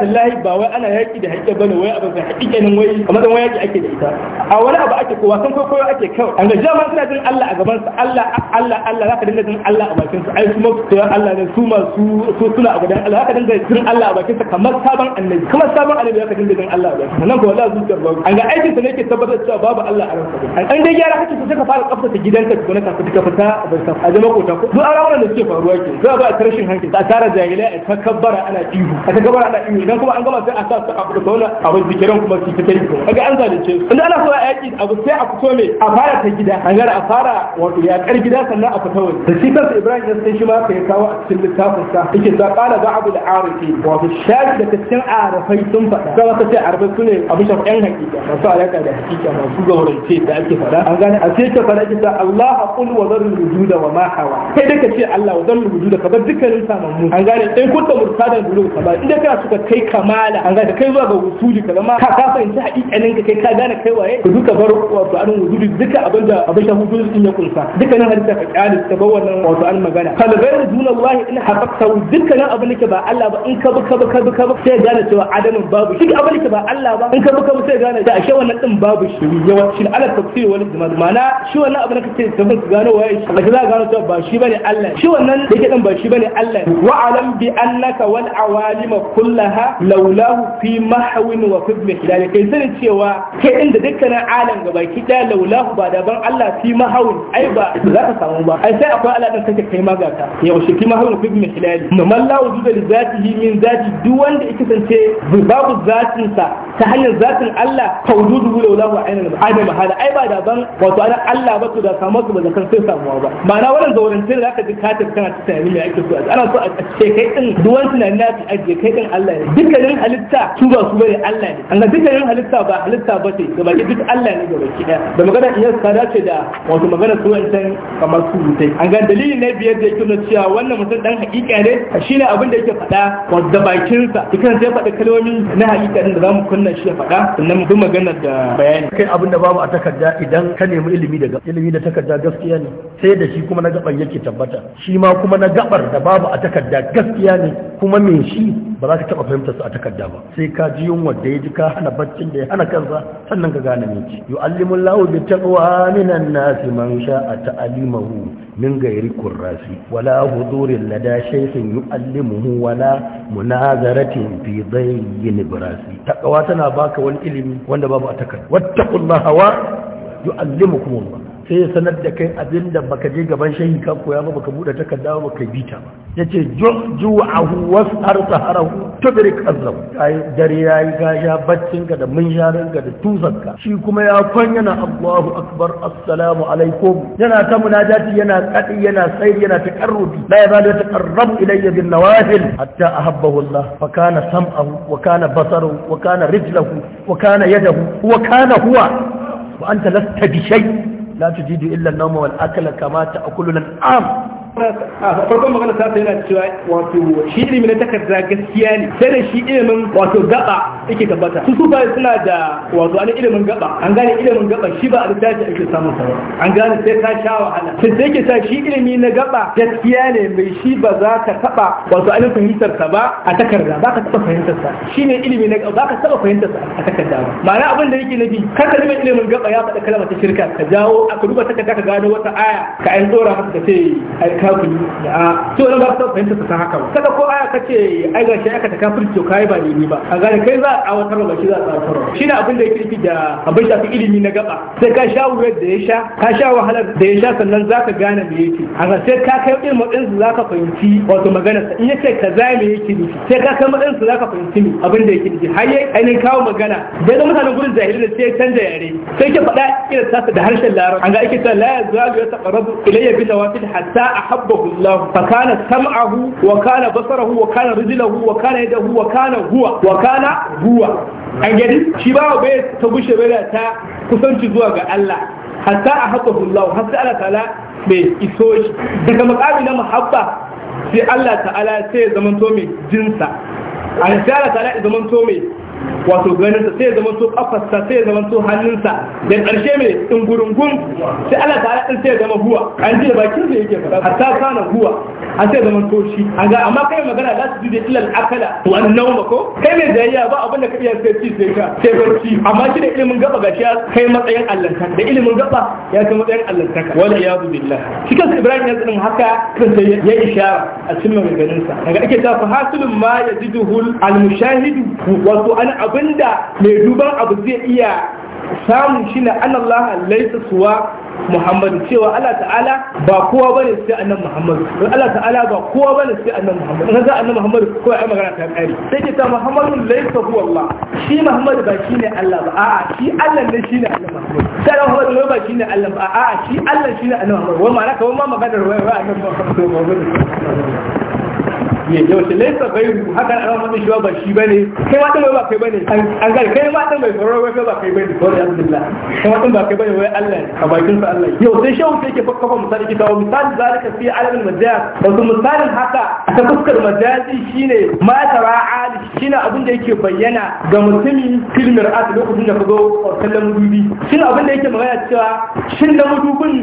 a wani abu ake kowa sun koyo ake kawai an ga jama'a suna jin Allah a gaban su Allah Allah Allah zaka dinga jin Allah a bakin su ai kuma su Allah ne su ma su su suna a gaban Allah zaka dinga jin Allah a bakin su kamar sabon annabi kamar sabon annabi zaka dinga jin Allah a bakin su nan ko Allah zuciyar babu an ga aikin sa ne yake tabbatar cewa babu Allah a ranka an dai gyara hakkin su suka fara tsaftace gidanka tukuna ka fita fita a jama'a ko ta ko duk arawar da suke faruwa ke za ba a rashin hankali a tara jahiliya a takabbara ana ihu a takabbara ana ihu dan kuma an gama sai a sa su a kudu kawai abin zikiran kuma su fita yi kaga an zalunce su inda ana so a yaƙi abu sai a fito mai a fara ta gida an gara a fara wato yaƙar gida sannan a fita waje da shi kansa ibrahim ya san shi ma kai kawo a cikin littafin sa yake ta ƙara ba abu da arifi wato shafi da cikin arafai sun faɗa kuma ta ce arafai su ne abu shafi yan hakika masu alaƙa da hakika masu gaurance da ake faɗa an gane a sai ka faɗa kita Allah aqul wa dharul da wa ma hawa kai da ka ce Allah wa zan dharul da ka bar dukkanin mu. an gane ɗan kunta murtadan da ka ba idan kana suka kai kamala an gane kai zuwa ga wusuli ka zama ka fahimci hakikanin ka kai ka gane kai waye suka bar wato an wujudu duka abin da abin da wujudu din ya kunsa duka nan hadisa ka kyale ka bar wannan wato an magana kal ghayr dunallahi in haqqta duka nan abin da ba Allah ba in ka bi ka bi ka bi ka bi sai gane cewa adamin babu shi abin da ba Allah ba in ka bi ka bi sai gane da ashe wannan din babu shi yawanci ala tafsir wal ijma ma'ana shi wannan abin da kake tabbata gano waye shi za ka gano cewa ba shi bane Allah shi wannan da yake din ba shi bane Allah wa alam bi annaka wal awalim kullaha laulahu fi mahwin wa fi mihdal kai sani cewa kai inda dukkanin alam ga baki daya laulahu ba ban Allah fi mahawin ai ba za ka samu ba ai sai akwai Allah da kake kai magata yaushe fi mahawin fi min hilali man la wujuda li zatihi min zati duk wanda yake sance babu zatin sa ta hanyar zatin Allah fa wujuduhu laulahu ainul ba hada ai ba ban wato ana Allah ba to da samu ba da kan sai samuwa ba ma'ana wannan zaurance da zaka ji katar kana tunani me ake so ana so a ce kai din duk wani tunani na ajiye kai din Allah ne dukkanin halitta su ba su bane Allah ne an ga dukkanin halitta ba halitta ba ce gaba duk Allah Allah ne gaba ɗaya da magana iyas ta dace da wato magana su wancan kamar su mutai an ga dalilin na biyar da yake nuna cewa wannan mutum dan hakika ne shine abin da yake faɗa wato da bakinsa dukan sai faɗa kalmomi na hakika din da zamu kunna shi ya faɗa sannan mu bi magana da bayani kai abin da babu a takarda idan ka nemi ilimi daga ilimi da takarda gaskiya ne sai da shi kuma na gaban yake tabbata shi ma kuma na gabar da babu a takarda gaskiya ne kuma me shi ba za ka taɓa fahimtar su a takarda ba sai ka ji yunwa da ya ji ka hana baccin da ya hana kansa sannan ka gane mai ci yu'allimul lahu bi taqwa minan nasi man a ta'alimahu min gairi kurrasi wala hudurin lada shaykhin yu'allimuhu wala munazaratin fi dayyin birasi Taɓawa tana baka wani ilimi wanda babu a takarda wattaqullaha wa yu'allimukumullah sai ya sanar da kai abin da baka je gaban shayi ka koya ba baka buɗe takarda ba baka bi ta ba yace ju'ahu was'ar saharahu tubrik azab ai dare yayi ga ya baccin ka da munsharin ka da tusan ka shi kuma ya kwan yana Allahu akbar assalamu alaikum yana ta munajati yana kaɗi yana sai yana taqarrubi la yazalu yataqarrabu ilayya bin nawafil hatta ahabbahu Allah fa kana sam'ahu wa kana basaruhu wa kana rijluhu wa kana yadahu wa kana huwa wa anta lasta bi shay' la tujidu illar an-nawma wal kamata a ta'kulu al-an'am Ah, farkon magana ta sai yana cewa wato shi ilimi na takarda gaskiya ne sai da shi ilimin wato gaba yake tabbata su su bai suna da wato an ilimin gaba an gane ilimin gaba shi ba a littafi ake samun sa an gane sai ka sha wahala sai sai ke sa shi ilimi na gaba gaskiya ne mai shi ba za ka taba wato an fahimtar sa ba a takarda ba ka taba fahimtar sa ne ilimi na gaba ba ka taba fahimtar sa a takarda ba ma'ana abin da yake nabi ka ilimin gaba ya faɗa kalmar ta shirka ka jawo aka duba takarda ka gano wata aya ka an dora maka ka ce kafiri a to na ba ta fahimta ta haka ba kada ko aya kace ai ga shi aka ta kafiri to kai ba ni ba a gare kai za a watar ba shi za a tsafar shi ne abin da yake nufi da abin shafi ilimi na gaba sai ka sha wuyar da ya sha ka sha wahalar da ya sha sannan zaka gane me yake a ga sai ka kai irin din su zaka fahimci wato magana sa in yace kaza me yake nufi sai ka kai matsayin su zaka fahimci me abin da yake nufi har yayi ainin kawo magana da ga mutanen gurin zahiri jahilin sai canja yare sai ke faɗa irin tasa da harshen larabci an ga ake cewa la yazalu yataqarrabu ilayya bi nawafil hatta ahabbahu Allah fa kana sam'ahu wa kana basarahu wa kana rijluhu wa kana yadahu wa kana huwa wa kana huwa an gani shi ba bai ta gushe bai ta kusanci zuwa ga Allah hatta ahabbahu Allah hatta Allah ta'ala bai iso shi daga makami na muhabba sai Allah ta'ala sai ya zamanto mai jinsa a sai Allah ta'ala ya zamanto mai wato ganinsa sai zama to kafarsa sai zama to hannunsa da ƙarshe mai ɗungurungun sai Allah ta haɗin sai zama huwa an ji da bakin da yake faɗa hatta kana huwa an sai zama to shi an ga amma kai magana za su ji da ilal akala an nauma ko kai mai jayayya ba abin da ka iya sai ci sai ka sai barci amma shi da ilimin gaba gashi ya kai matsayin allantaka da ilimin gaba ya kai matsayin allantaka wala iyadu billah shi kansa ibrahim ya tsanin haka kansa ya ishara a cikin maganganunsa daga ake ta fa hasulun ma yajiduhu al mushahidu wato ana abu abinda mai duban abu zai iya samun shi na anallaha laisa suwa muhammadu cewa Allah ta'ala ba kowa bane sai annan muhammadu don Allah ta'ala ba kowa bane sai annan muhammadu in za annan muhammadu kawai ai magana ta kare sai ke ta muhammadu laisa huwa Allah shi muhammadu ba shi ne Allah ba a'a shi Allah ne shi ne annan muhammadu sai muhammadu ba shi ne Allah ba a'a shi Allah shi ne annan muhammadu wai ma'ana kawai ma maganar wai wai annan muhammadu ya yau shi laisa bai haka an rawa mun shi ba shi bane kai wata bai ba kai bane an gari kai wata bai faro wai ba kai bane sorry alhamdulillah kai wata ba kai bane wai Allah a bakin sa Allah yau sai shehu sai ke fakkafa misali ki kawo misali zalika fi alamin majaz wato misalin haka ta fuskar majazi shine ma tara'ali shine abin da yake bayyana ga mutumi filmir at lokacin da ka zo kallon mudubi shine abin da yake magana cewa shin da mudubin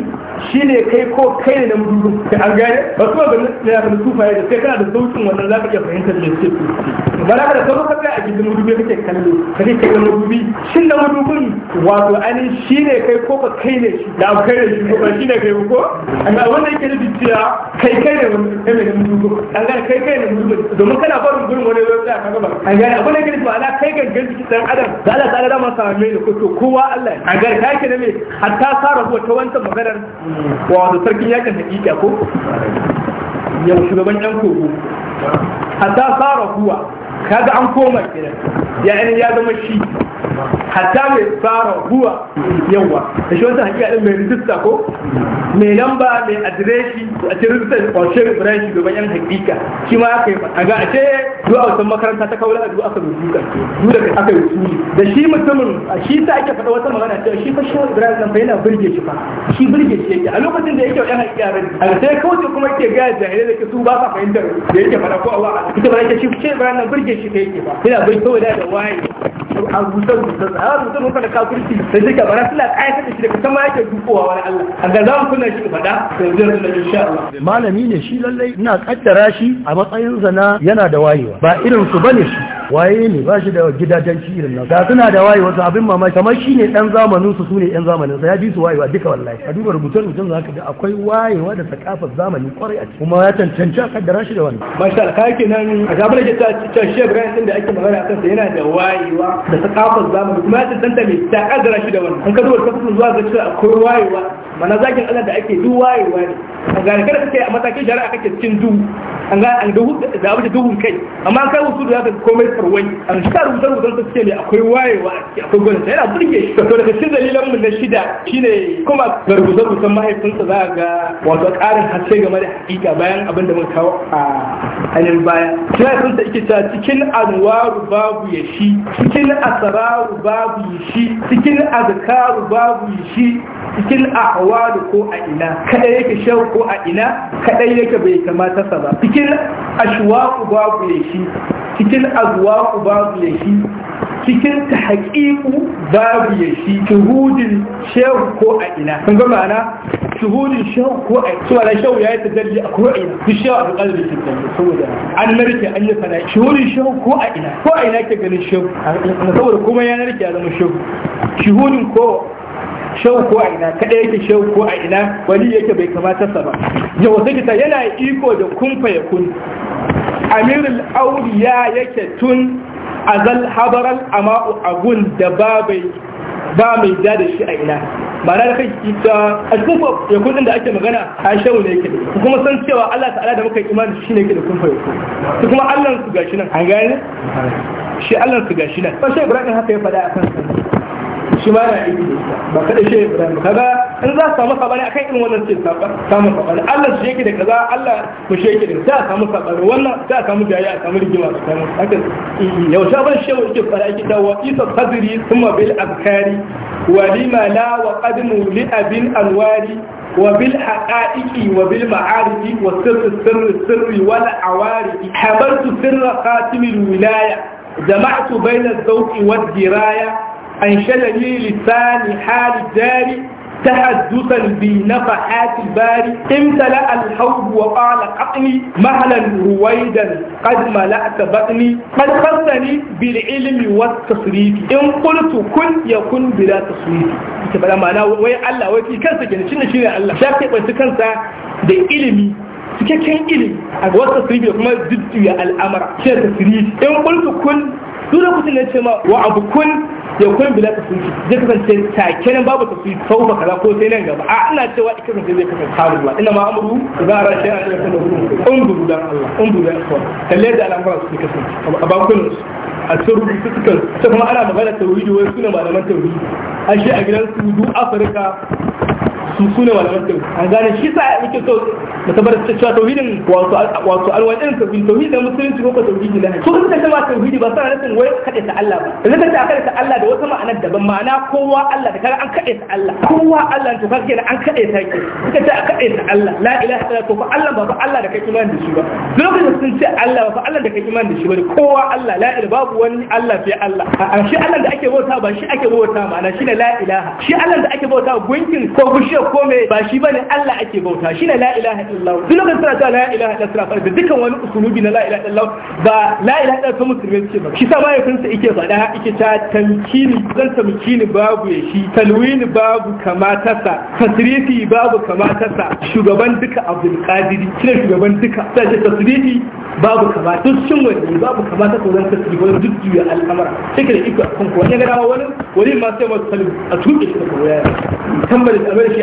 shine kai ko kai ne da mudubin an gane ba kuma ga na sufaye da sai kana da sauki mutum wannan za ka iya fahimtar me suke kuce ba da ka zo ka a gidan madubi kake kallo ka ce kallon madubi shin da madubin wato ainihin shi ne kai ko ba kai ne shi da kai ne shi ko ba shi ne kai ko amma wanda yake da cewa kai kai ne wannan kai ne ko an ga kai kai ne madubin domin kana barin gurin wani lokaci a kaga ba an ga abin da yake da ala kai ga gidan jikin dan adam da Allah ta dama mai ko to kowa Allah an ga kai yake ne me hatta sa rabuwa ta wancan maganar wato sarkin yakin hakika ko yau shugaban ɗan kogo hatta fara kuwa kaga an koma kenan yani ya zama shi hatta mai fara huwa yawa da shi wata hakika din mai rijista ko mai lamba mai adireshi a cikin rijista ko shi branch gaban yan hakika shi ma aka yi a ga ace zuwa wasan makaranta ta kaula zuwa aka rubuta dole ka aka yi suni da shi mutumin shi sa ake faɗa wata magana cewa shi fa shi branch nan fa yana burge shi fa shi burge shi yake a lokacin da yake yan hakika ran a sai kawai kuma yake ga jahilai da su ba sa fahimtar da yake faɗa ko Allah ita ba yake shi shi branch nan burge ke shi kai ke ba yana bai kawai da waye a rusar rusar a rusar rusar da kafirci da shi ka bara suna kai ka shi da kasan ma yake dukowa wani Allah a ga za mu kunna shi fada to zai da insha Allah malami ne shi lalle ina kaddara shi a matsayin zana yana da wayewa ba irin su bane shi waye ne ba shi da gidajen shi irin nan ga suna da wayewa su abin mamaki kamar shi ne dan zamanin su sune yan zamanin sa ya bi su wayewa duka wallahi a duba rubutun rubutun zaka ga akwai wayewa da sakafar zamani kwarai a kuma ya cancanci a kaddara shi da wannan masha Allah kai kenan a gabar da ta shehu ibrahim din da ake magana akan sa yana da wayewa da sakafar zamani kuma ya tantance mai ta kadara shi da wannan an ka zuwa zuwa ga cewa akwai wayewa mana zakin Allah da ake duk wayewa ne an ga kada kake a matakin shari'a kake cikin duhu an ga an hudu da abu da duhun kai amma kai wasu da zaka komai farwai an ka rubuta rubuta ta ce ne akwai wayewa akwai gwanin yana burge shi to daga cikin dalilan mu na shida shine kuma ga rubuta rubutan mahaifinsa za ga wato ƙarin hasse game da hakika bayan abin da muka kawo a ainihin baya shi ya sun ta cikin anwaru babu ya shi cikin asararu babu ya shi cikin azkaru babu ya shi cikin ahwalu ko a ina kada yake shau ko a ina kada yake bai kamata sa ba cikin ashwaqu babu ya shi cikin azwaqu babu ya shi cikin ta haƙiƙu babu ya shi shuhudin shehu ko a ina sun ga ma'ana shuhudin shehu ko a ina. su na shehu ya yi tajalli a ko a ina duk shehu a buƙatar da tajalli saboda an narke an yi fana shuhudin shehu ko a ina ko a ina ke ganin shehu saboda kuma ya narke ya zama shehu shuhudin ko shau ko a ina kada yake shau ko a ina Wani yake bai kamata sa ba yau sai kita yana iko da kumfa ya kun amirul auliya yake tun azal habaran ama'u abun da ba mai da da shi a ina ba na da kai ita a cikin ya kudin da ake magana a shawo ne yake Ku kuma san cewa Allah ta'ala da muka yi imani shi ne yake da kun fayo su kuma Allah su gashi nan an gane shi Allah su gashi nan ba shi ibrahim haka ya faɗa a kan shi ma na da ba kada shi Ibrahim kaga in za su samu sabani akan irin wannan ce samu sabani Allah shi yake da kaza Allah mu shi yake da za a samu sabani wannan za a samu jayya a samu rigima tsakanin haka yau sha ban shewa yake fara yake dawo isa sadri thumma bil azkari wa lima la wa qadmu li abin anwari وبالحقائق وبالمعارف والسر السر السر والعوارف حملت سر خاتم الولاية جمعت بين الذوق والدراية أنشدني لسان حال الدار تحدثا بنفحات الباري امتلأ الحوض وقال قطني مهلا رويدا قد ملأت بطني قد خصني بالعلم والتصريف إن قلت كن يكن بلا تصريف كبلا معنا وي الله وي في كنسا كنا شنو شنو الله شاكي بس كنسا da ilimi cikakken ilimi a wasu tasiri da kuma jujjuya al'amara shi tasiri in kultu kun duk lokacin da ce ma wa abu kun yakun bila tafsiri zai kasance take nan babu tafsiri sauka kaza ko sai nan gaba a ina cewa ita sai zai kasance haru ba ina ma amuru za a rashin an yasa da hudu umburu dan Allah umburu dan Allah kalle da al'amuran su kasance a bakun a cikin rubutu sukan ta kuma ana magana ta tauhidi wai suna malaman tauhidi an shi a gidan su duk Afirka su su ne walmatin an gane shi sa ake so da tabbatar da cewa tauhidin wato wato alwajen tauhid tauhidin musulunci ko ka tauhidi na so kuma cewa tauhidi ba sana nufin wai kade ta Allah ba idan ka kade ta Allah da wata ma'anar daban ma'ana kowa Allah da kaga an kade ta Allah kowa Allah to kaga da an kade ta ke suka ce an kade ta Allah la ilaha illa to fa Allah ba fa Allah da kake imani da shi ba lokacin sun ce Allah ba fa Allah da kake imani da shi ba kowa Allah la ilaha babu wani Allah sai Allah a shi Allah da ake bauta ba shi ake bauta ma'ana shi ne la ilaha shi Allah da ake bauta gunkin ko bishiyar ko kome ba shi bane Allah ake bauta shi ne la ilaha illallah duk lokacin suna cewa la ilaha illallah fa dukkan wani usulubi na la ilaha illallah ba la ilaha illallah musulmi suke ba shi sa mahaifinsa yake faɗa yake ta tamkini zan tamkini babu ya shi talwini babu kamatarsa tasrifi babu kamatarsa shugaban duka abdul qadiri ne shugaban duka sai ce tasrifi babu kamata duk shin wani babu kamata ko zan tasrifi wani duk juya al'amara sai da iko kun ko wani ga dama wani wani ma sai wani talib a tuke shi ko ya tambari da abin shi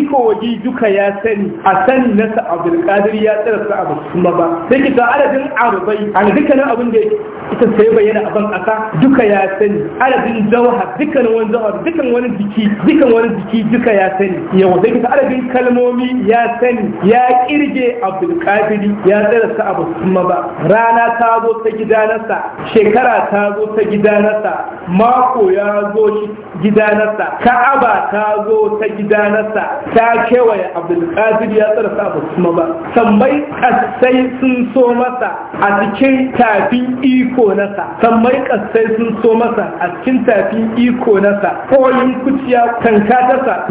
iko waje duka ya sani a sani na sa abdulkadir ya tsara sa abu kuma ba sai ki ga adadin arubai a dukkanin abin da ita sai bayyana a ban aka duka ya sani adadin zawha dukkanin wani zawha dukkan wani jiki dukkan wani jiki duka ya sani yawa sai ki ga adadin kalmomi ya sani ya kirge abdulkadir ya tsara sa abu kuma ba rana ta zo ta gidanarsa shekara ta zo ta gidanarsa mako ya zo gidanarsa ka'aba ta zo ta gidanarsa ta kewaye abdulkadir ya tsara sa kuma ba sammai kasai sun so masa a cikin tafin iko nasa sammai kasai sun so masa a cikin tafin iko nasa koyin kuciya kanka tasa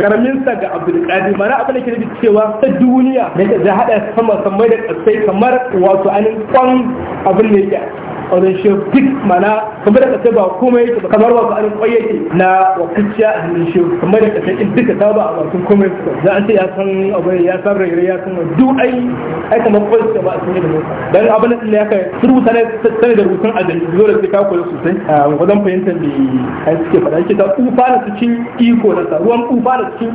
sa ga abdulkadir mana abin da ke nufi cewa ta duniya da hada sama sammai da kasai kamar wato anin kwan abin da yake auren shi duk mana kamar da kace ba komai yake kamar ba ƙarin kwai yake na wakilciya a hannun shi kamar da kace in duka ta ba a bakin komai za a ce ya san abu ya san rairai ya san duk ai ai kamar kwai suka ba a sanye da mota dan abin da ya kai rubuta ne sanar da rubutun ajali dole sai ka koyi sosai a wajen fahimtar da ai suke faɗa ke ta kufa da su cin iko da sa ruwan kufa da su cin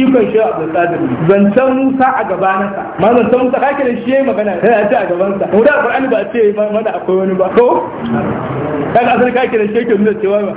ikon shi a tsadar zancen musa a gabanansa ma zancen musa kake da shi yayi magana sai a ce a gabansa mu da qur'ani ba a ce da akwai wani ba ko kaga asali ka kira shi ke nuna cewa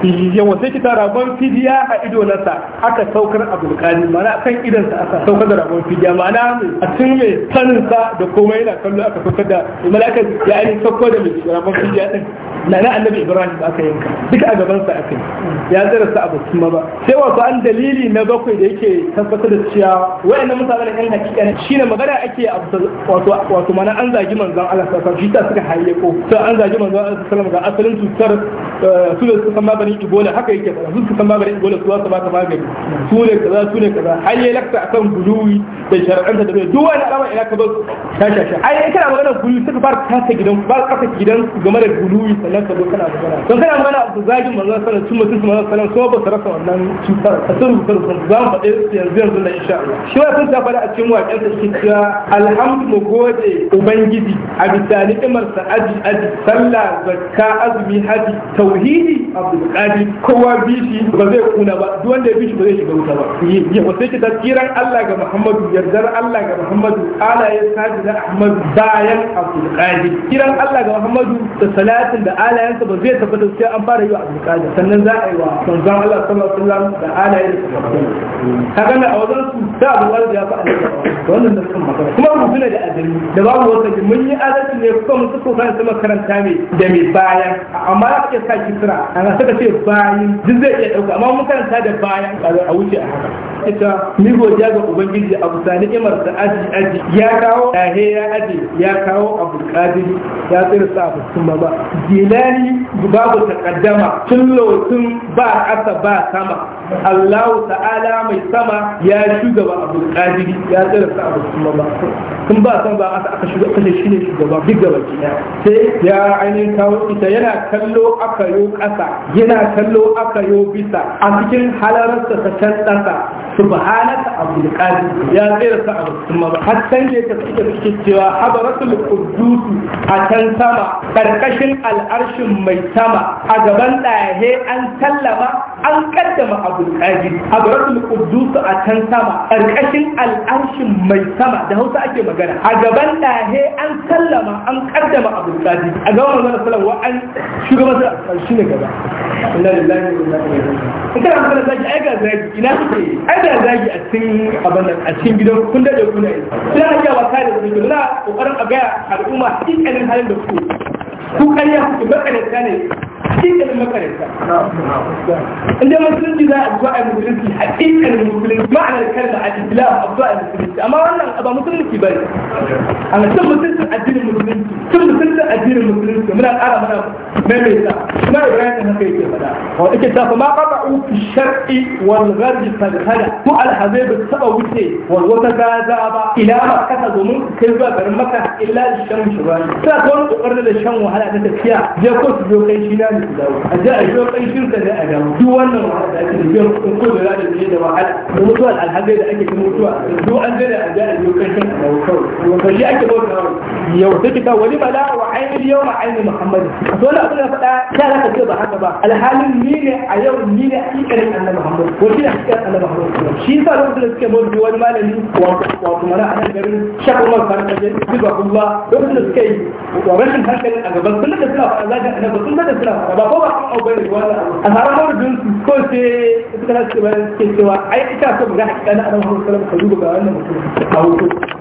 wa sai kita rabon fidiya a ido nasa aka saukar abulkani mana kan idan sa aka saukar da rabon fidiya mana a cikin mai sanin sa da komai yana kallo aka saukar da malakan ya yi sauko da mai rabon fidiya din na na annabi ibrahim aka yanka duka a gaban sa aka yi ya zara sa a bakin ba sai wasu an dalili na bakwai da yake tabbatar da cewa wayannan mutanen yan hakika ne shine magana ake wato wato mana an zagi manzon Allah sallallahu alaihi wasallam shi ta suka hayyako sai an zagi manzon manzo ga asalin cutar eh, su da suka maganin haka yake fara su suka maganin su magani su ne kaza su ne kaza har lakta akan guluwi da shar'anta da duk wani alama ina ka ta ai ai kana magana guluwi suka fara kasa gidan ba kasa gidan game da guluwi sannan ka zo kana magana don kana magana da zagin manzo sallallahu alaihi wasallam sallallahu alaihi wasallam so ba su rasa wannan cutar a sun za mu yanzu yanzu na insha Allah shi wa sun ta faɗa a cikin waƙen da cewa alhamdu mu gode ubangiji a bisa ni'imar sa aji aji sallah sallah zakka azumi haji tauhidi abdul qadir kowa bi ba zai kuna ba duk wanda ya bi shi ba zai shiga wuta ba ya wasu ki tafsiran Allah ga Muhammadu yardar Allah ga Muhammadu alayen saji da Ahmad bayan abdul qadir kiran Allah ga Muhammadu da salatin da alayensa ba zai tabbata sai an fara yi wa abdul qadir sannan za a yi wa Sanzan Allah sallallahu alaihi wasallam da alayen kaga na a wajen su da abdul qadir ya faɗa wannan da kan kuma rubutu ne da azumi da babu wata mun yi adalci ne kuma mun suko kan sama karanta mai da mai bayan amma za ka iya sa kisra a na saka ce bayan duk zai iya ɗauka amma mun karanta da bayan a a wuce a haka ita mi godiya ga ubangiji abu sani imar da aji aji ya kawo ɗahe ya aji ya kawo abu kadiri ya tsira sa abu sun ba jilani babu takaddama tun lotun ba ƙasa ba sama Allah ta'ala mai sama ya shugaba abu kadiri ya tsara sa abu kuma ba kun ba san ba aka shiga shugaba kace shine shugaba duk gaba ɗaya sai ya ainihin kawo ita yana kallo aka yo kasa yana kallo aka yo bisa a cikin halarsa ta can ƙasa subhanaka abdul qadir ya tsere sa a cikin maza har san je ka suke suke cewa habaratul qudus a can sama karkashin al'arshin mai sama a gaban dahe an sallama an kaddama abdul qadir habaratul qudus a can sama karkashin al'arshin mai sama da Hausa ake magana a gaban dahe an sallama an kaddama abdul a gaban manzon sallallahu wa an shugaban sa shine gaba inna lillahi wa inna ilaihi raji'un in kana magana zaki ai ga zaki ana zagi a cikin abin a cikin gidan kun da kuna yi sai a ga wata da kuma na kokarin a ga al'umma cikin halin da ku ku kariya ku makaranta ne hakikanin makaranta inda musulunci za a zuwa a musulunci hakikanin musulunci ma'anar kalma a islam a zuwa a musulunci amma wannan ba musulunci ba ne a mutum mutuncin addinin musulunci tun mutuncin addinin musulunci muna ƙara mana maimaita لا يبين أنها كيف يبدا وإذا تفما قطعوا في الشرع والغرب فالخلع تو الحبيب السبوتي والوتكاذا إلى ما كتب من كذبا برمكة إلا الشم شبان سأكون أقرد الشم وهلا تتكيا جاكوس بيوكي شنان تداو أجاء بيوكي شنان تداو دوانا وحدا تداو كل هذا الشيء ده وحدا موضوع الحبيب أكي موضوع دو أنزل أجاء بيوكي شنان تداو فشي أكي بوكي يوم تتكا ولما لا وعين اليوم عين محمد دول أقول لك za ba haka ba alhalin ni ne a yau ni ne a annabi muhammad ko shi a annabi muhammad shi yasa lokacin da suke wani malami wato a nan garin shakar umar zuba lokacin da suke rashin a gaban sun da suna fara annabi sun da suna fara ba ko ba an da wani a ko suka na cewa ai ita so ga annabi muhammad sallallahu alaihi wasallam ka duba ga wannan mutum a hoto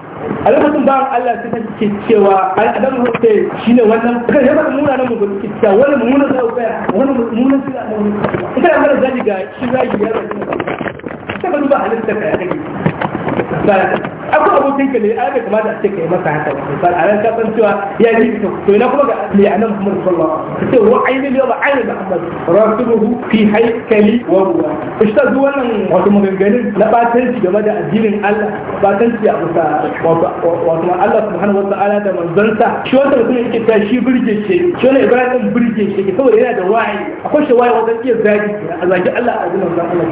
alhamdulillah ba Allah sai ta ce cewa ai adam hote shine wannan kai ya ba muna nan mu gudu cewa wani muna da ubaya wani muna da ubaya ita da mara zaji ga shi zaji ya ba ta ba duba halitta ka ya akwai abokin ka ne ai bai kamata a ce ka yi masa haka ba misali a ran kasan cewa ya yi fito to ina kuma ga mai annabi kuma sallallahu alaihi ta ce wa ainihin yau ba ainihin Muhammad rasuluhu fi haikali wa ruwa shi zuwa nan wato maganganun na batanci game da addinin Allah batanci a bisa wato Allah subhanahu wa ta'ala da manzansa shi wanda mutum yake ta shi birge ce shi wannan Ibrahim zuciyar shi yana da wahayi akwai shi wahayi wajen iya zagi a zagi Allah a zunan zan Allah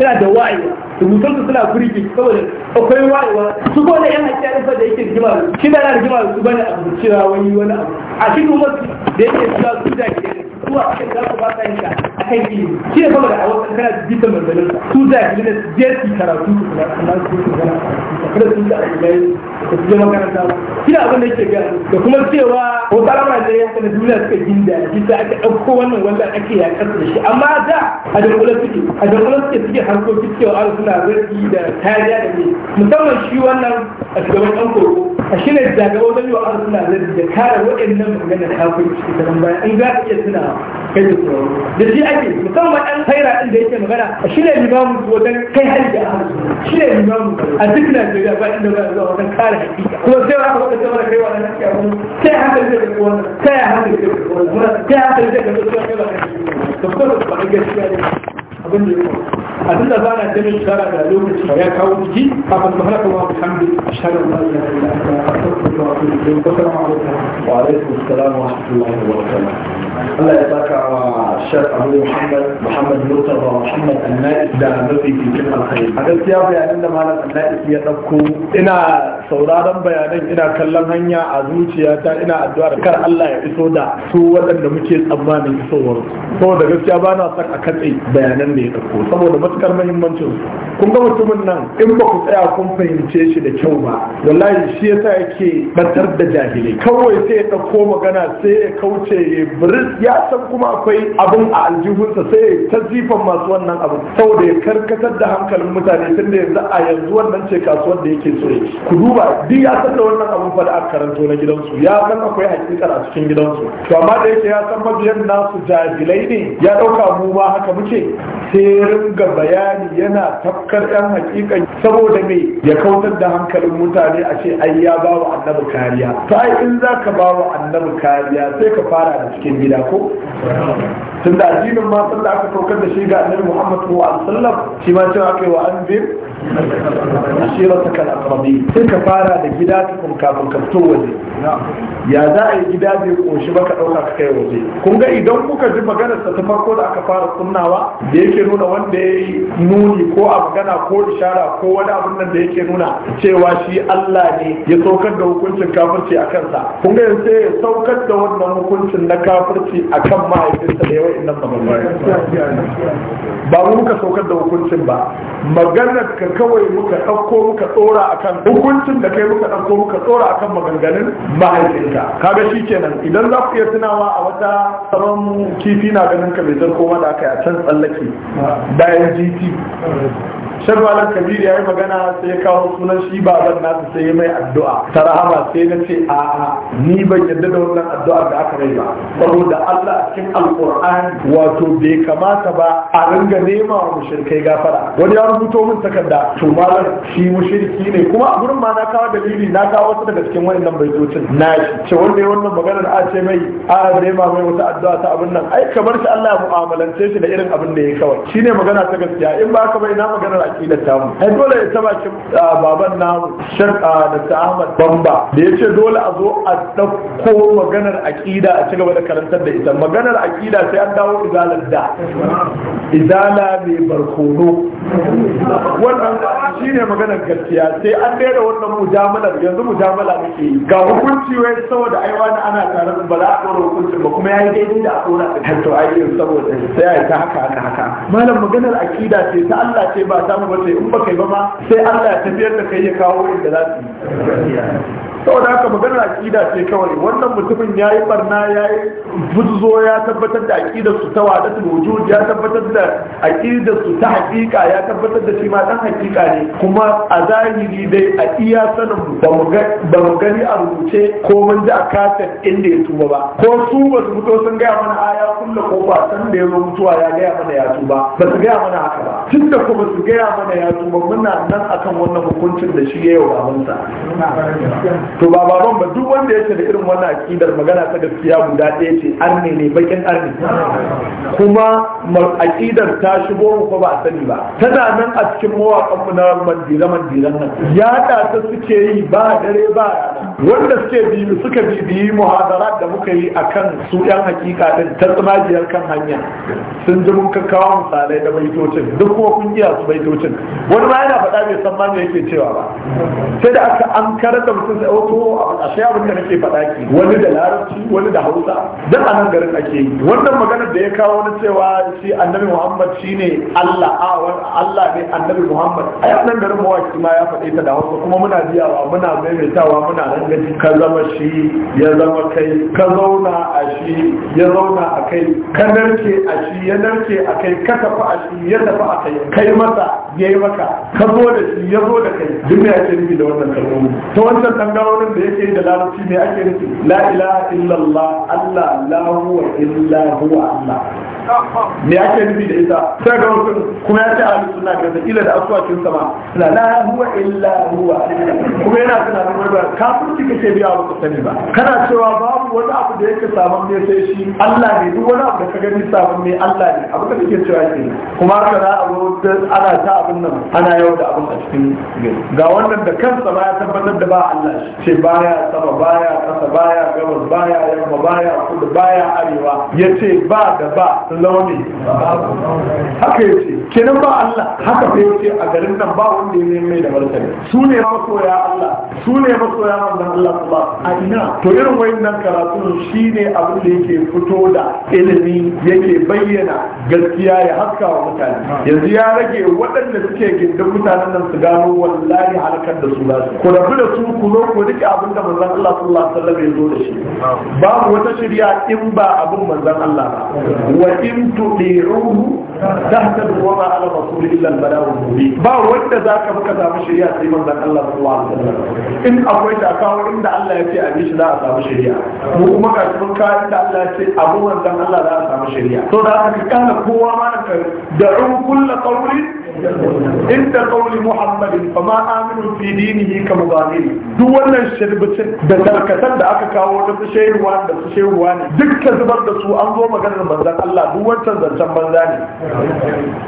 yana da wa'i rubutun su suna burge saboda akwai wayewa su ko da yan hakiyar da yake rigima shi da yana rigima su bane a zuciya wani wani abu a cikin wasu da yake shiga su ke. su a kan za ba sa yin ka a kan ilimi shi ne saboda a wasan kana bitan maganganun su za ki ne jerki karatu su kula su nasu su kula su kula su da alƙalai da su je makaranta ba shi ne abin da yake gaya da kuma cewa ko tsarama da yanka na duniya suka ginda shi sai aka ɗauko wannan wannan ake yaƙar da shi amma da a dunkule suke a dunkule suke suke harkoki cewa ala suna zargi da kariya da ne musamman shi wannan a shugaban ɗan koro a shi ne zagaba wajen yi wa ala suna zargi da kare waɗannan maganar kafin shi ta bayan in za ka iya tunawa kai tsoro da shi ake musamman ɗan haira ɗin da yake magana shi ne limamu wajen kai hari da ahal shi ne limamu a duk najeriya ba inda za a zuwa wajen kare hakika kuma sai ba ka wata jama'a kai wa ɗan hakika wani sai hankali zai ga wannan sai hankali zai ga wannan sai hankali zai ga wannan sai hankali zai ga wannan da kuma da kuma gaskiya ne abin da ya abin da zana shara da lokaci ya kawo jiki kafin mu halaka wa bihamdi ashhadu an la ilaha illa anta astaghfiruka wa atubu ilayk wa assalamu alaikum wa alaikum assalam wa Allah ya saka wa Sheikh Abu Muhammad Muhammad Murtaza Muhammad Annabi da mafi cikin alkhairi a gaskiya bayanan da malam Annabi ya dauko ina sauraron bayanan ina kallon hanya a zuciyata ina addu'ar kar Allah ya iso da su waɗanda muke tsammanin isowar saboda gaskiya ba na son a katse bayanan ne ya ɗauko saboda matukar mahimmancin kun ga mutumin nan in ba ku tsaya kun fahimce shi da kyau ba wallahi shi yasa yake batar da jahilai kawai sai ya ɗauko magana sai ya kauce ya biris ya san kuma akwai abin a aljihunsa sai ya ta zifan masu wannan abin saboda ya karkatar da hankalin mutane tun da yanzu a yanzu wannan ce kasuwar da yake so ku duba duk ya san da wannan abin fa da aka karanto na gidansu ya san akwai hakikar a cikin gidansu to amma da yake ya san mabiyan nasu jahilai ne ya ɗauka mu ba haka muke sirrin ga bayani yana tafkar ɗan hakikan saboda me ya kautar da hankalin mutane a ce ai ya ba wa annabi kariya to ai in za ka ba wa annabi kariya sai ka fara da cikin gida ko tunda addinin ma sallah aka saukar da shi ga annabi Muhammad sallallahu alaihi wasallam shi ma cewa kai wa anzir ta kan akrabi sai ka fara da gida tukun kafin ka fito waje ya za a yi gida zai koshi ba ka dauka ka kai waje kun ga idan kuka ji maganar ta farko da aka fara kunnawa da yake yake nuna wanda ya yi nuni ko a magana ko ishara ko wani abin nan da yake nuna cewa shi Allah ne ya saukar da hukuncin kafirci a kansa kun ga yanzu ya saukar da wannan hukuncin na kafirci a kan mahaifinsa da yawa innan mamman ba mu muka saukar da hukuncin ba maganar ka kawai muka ɗauko muka tsora a kan hukuncin da kai muka ɗauko muka tsora a kan maganganun mahaifinka kaga shi kenan idan za ku iya tunawa a wata tsaron kifi na ganin ka mai zarko wanda aka yi a can tsallake bayan gt shagwalar kabir ya yi magana sai ya kawo sunan shi ba zan nasu sai ya mai addu'a ta rahama sai na ce a ni ban yadda da wannan addu'a da aka rai ba saboda Allah cikin alqur'ani wato bai kamata ba a ringa nema wa mushrikai gafara wani ya rubuto min takarda to malam shi mushriki ne kuma a gurin ma na kawo dalili na kawo wasu daga cikin wayannan baitocin na ce wanda ya wannan magana a ce mai a nema mai wata addu'a ta abin nan ai kamar shi Allah ya mu'amalance shi da irin abin da ya kawai ne magana ta gaskiya in ba ka bai na magana ta mu ai dole ya taba ki baban na shakka da ta ahmad bamba da ya ce dole a zo a ɗauko maganar aƙida a cigaba da karantar da ita maganar aƙida sai an dawo izalar da izala mai barkono wannan shi ne maganar gaskiya sai an daina wannan mujamalar yanzu mujamala muke yi ga hukunci wai saboda ai wani ana tare da ba za a ɗora hukuncin ba kuma ya yi daidai da a ɗora da to ai saboda sai ta haka haka haka malam maganar aƙida ce ta Allah ce ba ta samu ba in baka yi ba ma sai Allah ya tafiyar da kai ya kawo inda za su yi saboda haka maganar aƙida ce kawai wannan mutumin ya yi barna ya yi buzzo ya tabbatar da aƙidar su ta wadatul wujud ya tabbatar da aƙidar su ta haƙiƙa ya tabbatar da shi ma ɗan haƙiƙa ne kuma a zahiri dai a iya sanin ba mu gani a rubuce ko mun ji a kafin inda ya tuba ba ko su ba su fito sun gaya mana aya kulla ko ba san da ya zo mutuwa ya gaya mana ya tuba ba su gaya mana haka ba tun da kuma su gaya mana ya tuba muna nan akan wannan hukuncin da shi ya yi wa babansa to ba baban ba duk wanda yake da irin wannan akidar magana ta gaskiya guda ɗaya ce An ne ne bakin arne kuma akidar ta shigo mu ba sani ba tana nan a cikin mawaƙan mu na mandira mandiran nan ya ta suke yi ba dare ba wanda suke biyu suka bibiyi muhadara da muka yi akan su yan hakika din ta tsamajiyar kan hanya sun ji mun kakkawa misalai da baitocin duk kuma kun iya su baitocin wani ma yana faɗa bai san ma yake cewa ba sai da aka an karanta mutum sai oh, hoto a sai abin da nake faɗa ki wani da larabci wani da hausa duk a nan garin ake yi wannan maganar da ya kawo na cewa shi annabi muhammad shine allah a allah ne annabi muhammad a nan garin mawaki ma ya faɗe ta da hausa kuma muna wa, muna maimaitawa muna nan gaji ka zama shi ya zama kai ka zauna a shi ya zauna a kai ka narke a shi ya narke a kai ka tafi a shi ya tafi a kai kai masa ya yi maka ka zo da shi ya zo da kai duk me ake nufi da wannan kalmomi ta wancan tangarorin da yake da larabci me ake nufi la ilaha illallah allah la huwa illa huwa allah me ake nufi da ita sai ga wasu kuma ya ce a halittu na gaza ila da cin sama la la huwa illa huwa kuma yana da wani bayan kafin kika ce biya wasu sani ba kana cewa babu wani abu da yake saman mai sai shi Allah ne duk wani abu da ka gani saman mai Allah ne abu da kake cewa ke kuma haka za a zo ana ta abin nan ana yau da abin a cikin ga wannan da kansa ba ya tabbatar da ba Allah shi ce baya sama baya kasa baya gabas baya yamma baya kudu baya arewa Ya ce ba da ba zama ne haka ya ce kenan ba Allah haka fa yace a garin nan ba wanda ya mai da martani su ne masoya Allah su ne masoya manzon Allah kuma a ina to irin wayannan karatu shine abu da yake fito da ilimi yake bayyana gaskiya ya haska wa mutane yanzu ya rage waɗanda suke gindin mutanen nan su gano wallahi halakar da su za su ku rabu da su ku zo ku rike abin da manzon Allah sallallahu alaihi wasallam ya zo da shi babu wata shari'a in ba abin manzon Allah ba in tudi'uhu tahtadu wa ma ala rasul illa al balagh mubin ba wanda zaka muka samu shari'a sai manzon Allah sallallahu alaihi wasallam in akwai ta kawo inda Allah ya ce a bishi za a samu shari'a mu kuma ga cikin kawo inda Allah ya ce a abu manzon Allah za a samu shari'a to da haka kana kowa ma da da'u kullu qawlin inda kauli muhammadin fa ma aminu fi dinihi ka mubadiri duk wannan shirbicin da tarkatan da aka kawo da su shehuwa da su shehuwa ne dukkan zubar da su an zo maganar manzan Allah duk wancan zancen banza ne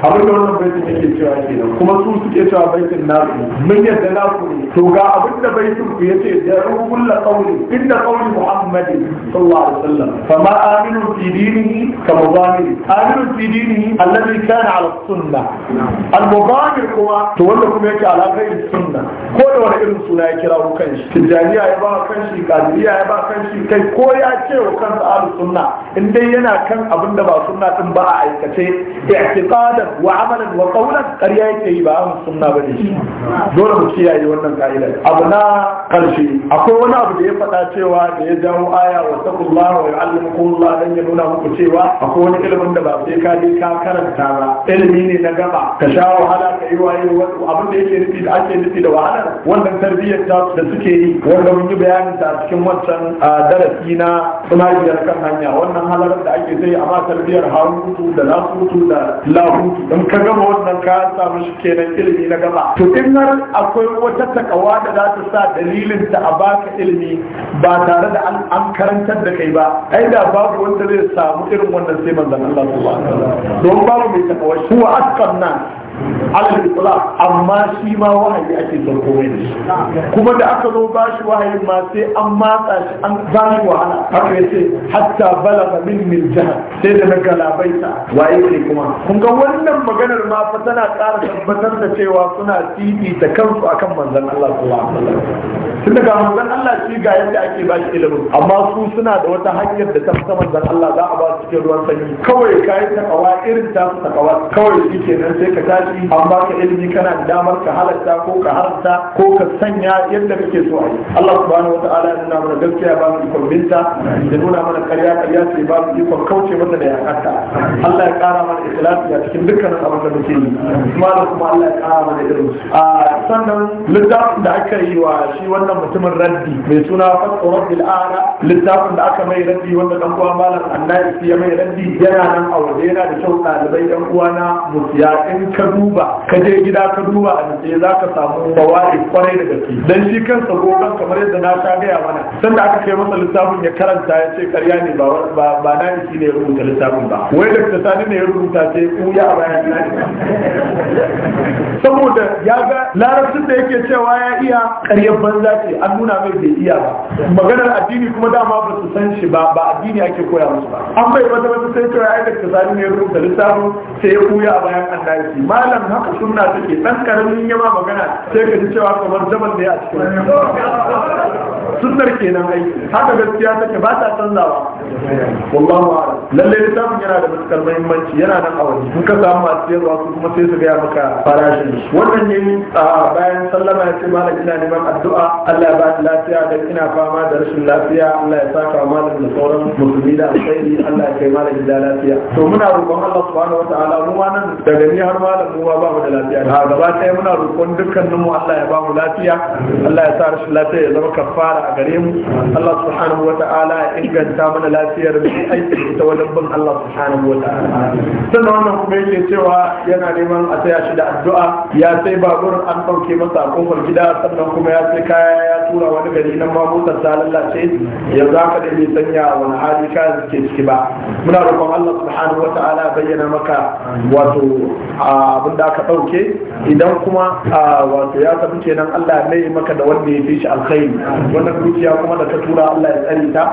abin da wannan baitin yake cewa kenan kuma su suke cewa baitin nasu mun yadda nasu ne to ga abin da baitin ku yace da ruhul qawli inda qawli muhammadin sallallahu alaihi wasallam fa ma aminu fi dinihi ka mubadiri aminu fi dinihi alladhi kana ala sunnah al kuma to wanda kuma yake alaƙar sunna ko da wani irin suna ya kira ku kanshi tijaniya ya ba kanshi kadiriya ya ba kanshi kai ko ya ce wa kansa ahlus sunna in dai yana kan abin da ba sunna din ba a aikace i'tiqadan wa amalan wa qawlan kariya yake yi ba a sunna bane shi dole mu kiyaye wannan ka'idar abu na karshe akwai wani abu da ya faɗa cewa da ya jawo aya wa taqullaha wa yu'allimukumullah dan ya nuna muku cewa akwai wani ilimin da ba sai ka je ka karanta ba ilimi ne na gaba ka sha sha wahala ka yi waye abin da yake nufi da ake nufi da wahala wannan tarbiyyar ta da suke yi wanda mun yi bayanin ta cikin wancan darasi na tunajiyar kan hanya wannan halar da ake sai amma tarbiyyar harutu da lasutu da lahutu in ka gama wannan ka samu shi kenan ilimi na gaba to in har akwai wata takawa da za ta sa dalilin ta a baka ilimi ba tare da an karantar da kai ba ai da babu wanda zai samu irin wannan sai manzon Allah subhanahu wa ta'ala don babu mai takawa huwa alal islam amma shi ma wahayi ake sauko mai da shi kuma da aka zo ba shi wahayin ma sai an matsa shi an ba shi wahala haka ya ce hatta balaga min min jihar sai da na galabaita waye ne kuma kun ga wannan maganar ma fa tana ƙara tabbatar da cewa suna titi ta kansu akan manzon Allah sallallahu alaihi wasallam tun daga manzon Allah shi ga yadda ake ba shi ilimin amma su suna da wata hanyar da ta fi manzon Allah za a ba su cikin ruwan sanyi kawai kayan takawa irin ta su takawa kawai shi kenan sai ka tashi an baka ilimi kana da damar ka halatta ko ka haramta ko ka sanya yadda kake so a yi Allah subhanahu wa ta'ala ya nuna mana gaskiya ba mu ikon binta da nuna mana karya karya sai ba mu ikon kauce mata da yakarta Allah ya ƙara mana ikhlasi a cikin dukkanin abin da muke yi kuma da kuma Allah ya ƙara mana irin a sannan littafin da aka yi wa shi wannan mutumin raddi mai suna fasu rabbil a'la littafin da aka mai raddi wanda dan uwa malam annabi ya mai raddi yana nan a waje yana da kyau ɗalibai dan uwana na musiya in ka duba ka je gida ka duba a nace za ka samu fawari kwarai da gaske dan shi kansa gogon kamar yadda na sha gaya mana sanda aka kai masa littafin ya karanta ya ce karya ne ba ba na shi ne rubuta littafin ba wai da sani ne ya rubuta sai ya a bayan na saboda ya ga larabcin da yake cewa ya iya karyar banza ce an nuna mai bai iya ba maganar addini kuma dama ba su san shi ba ba addini ake koya musu ba an bai wata wata sai cewa ya ta sani ne ya rubuta littafin sai ya a bayan annabi malam haka sunna take dan karamin yawa magana sai ka ji cewa kamar zaman da ya a cikin sunnar kenan ai haka gaskiya take ba ta canzawa wallahi lalle ta littafin yana da matukar muhimmanci yana nan a wani in ka samu cikin ruwa su kuma sai su gaya maka farashin wannan ne bayan sallama ya ce malam ina neman addu'a Allah ya ba ni lafiya dan ina fama da rashin lafiya Allah ya saka malam da sauran musulmi da alkhairi Allah ya kai malam da lafiya to muna roƙon Allah subhanahu wataala mu ma nan daga ni har malam kowa ba mu da lafiya da gaba muna roƙon dukkanin mu Allah ya ba mu lafiya Allah ya sa rashin lafiya ya zama kafara a gare mu Allah subhanahu wa ta'ala ya inganta mana lafiyar mu aiki ta wajen bin Allah subhanahu wa ta'ala sannan wannan kuma yake cewa yana neman a taya shi da addu'a ya sai babur an ɗauke masa a kofar gida sannan kuma ya sai kaya ya tura wani gari nan ma motar ta lallace yanzu haka da bai sanya wani hali kayan suke ciki ba muna roƙon Allah subhanahu wa ta'ala bayyana maka wato abin da aka ɗauke idan kuma wato ya tafi kenan Allah ya yi maka da wanda ya fi shi alkhairi wannan dukiya kuma da ka tura Allah ya tsare ta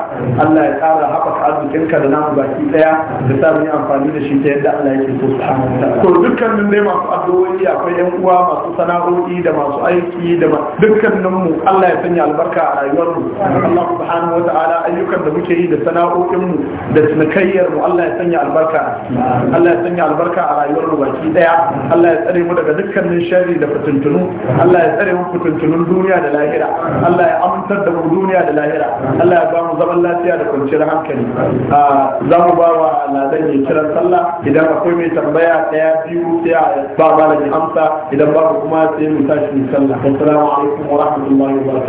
Allah ya ƙara haɓaka arzikinka da namu baki ɗaya da sa mu yi amfani da shi ta yadda Allah yake so subhanahu wa ta'ala to dukkanin dai masu addu'o'i akwai yan uwa masu sana'o'i da masu aiki da dukkanin mu Allah ya sanya albarka a rayuwar mu Allah subhanahu wa ta'ala ayyukan da muke yi da sana'o'in mu da cinikayyar mu Allah ya sanya albarka Allah ya sanya albarka a rayuwar mu baki ɗaya Allah ya tsare mu daga dukkanin sharri da fitintunu Allah ya tsare mu fitintunun duniya da lahira Allah ya amintar da mu duniya da lahira Allah ya ba mu zaman lafiya da kwanciyar hankali za mu ba wa ladan ya kiran sallah idan akwai mai tambaya daya biyu sai a ba malami amsa idan babu kuma sai mu tashi sallah assalamu alaikum wa rahmatullahi wa barakatuh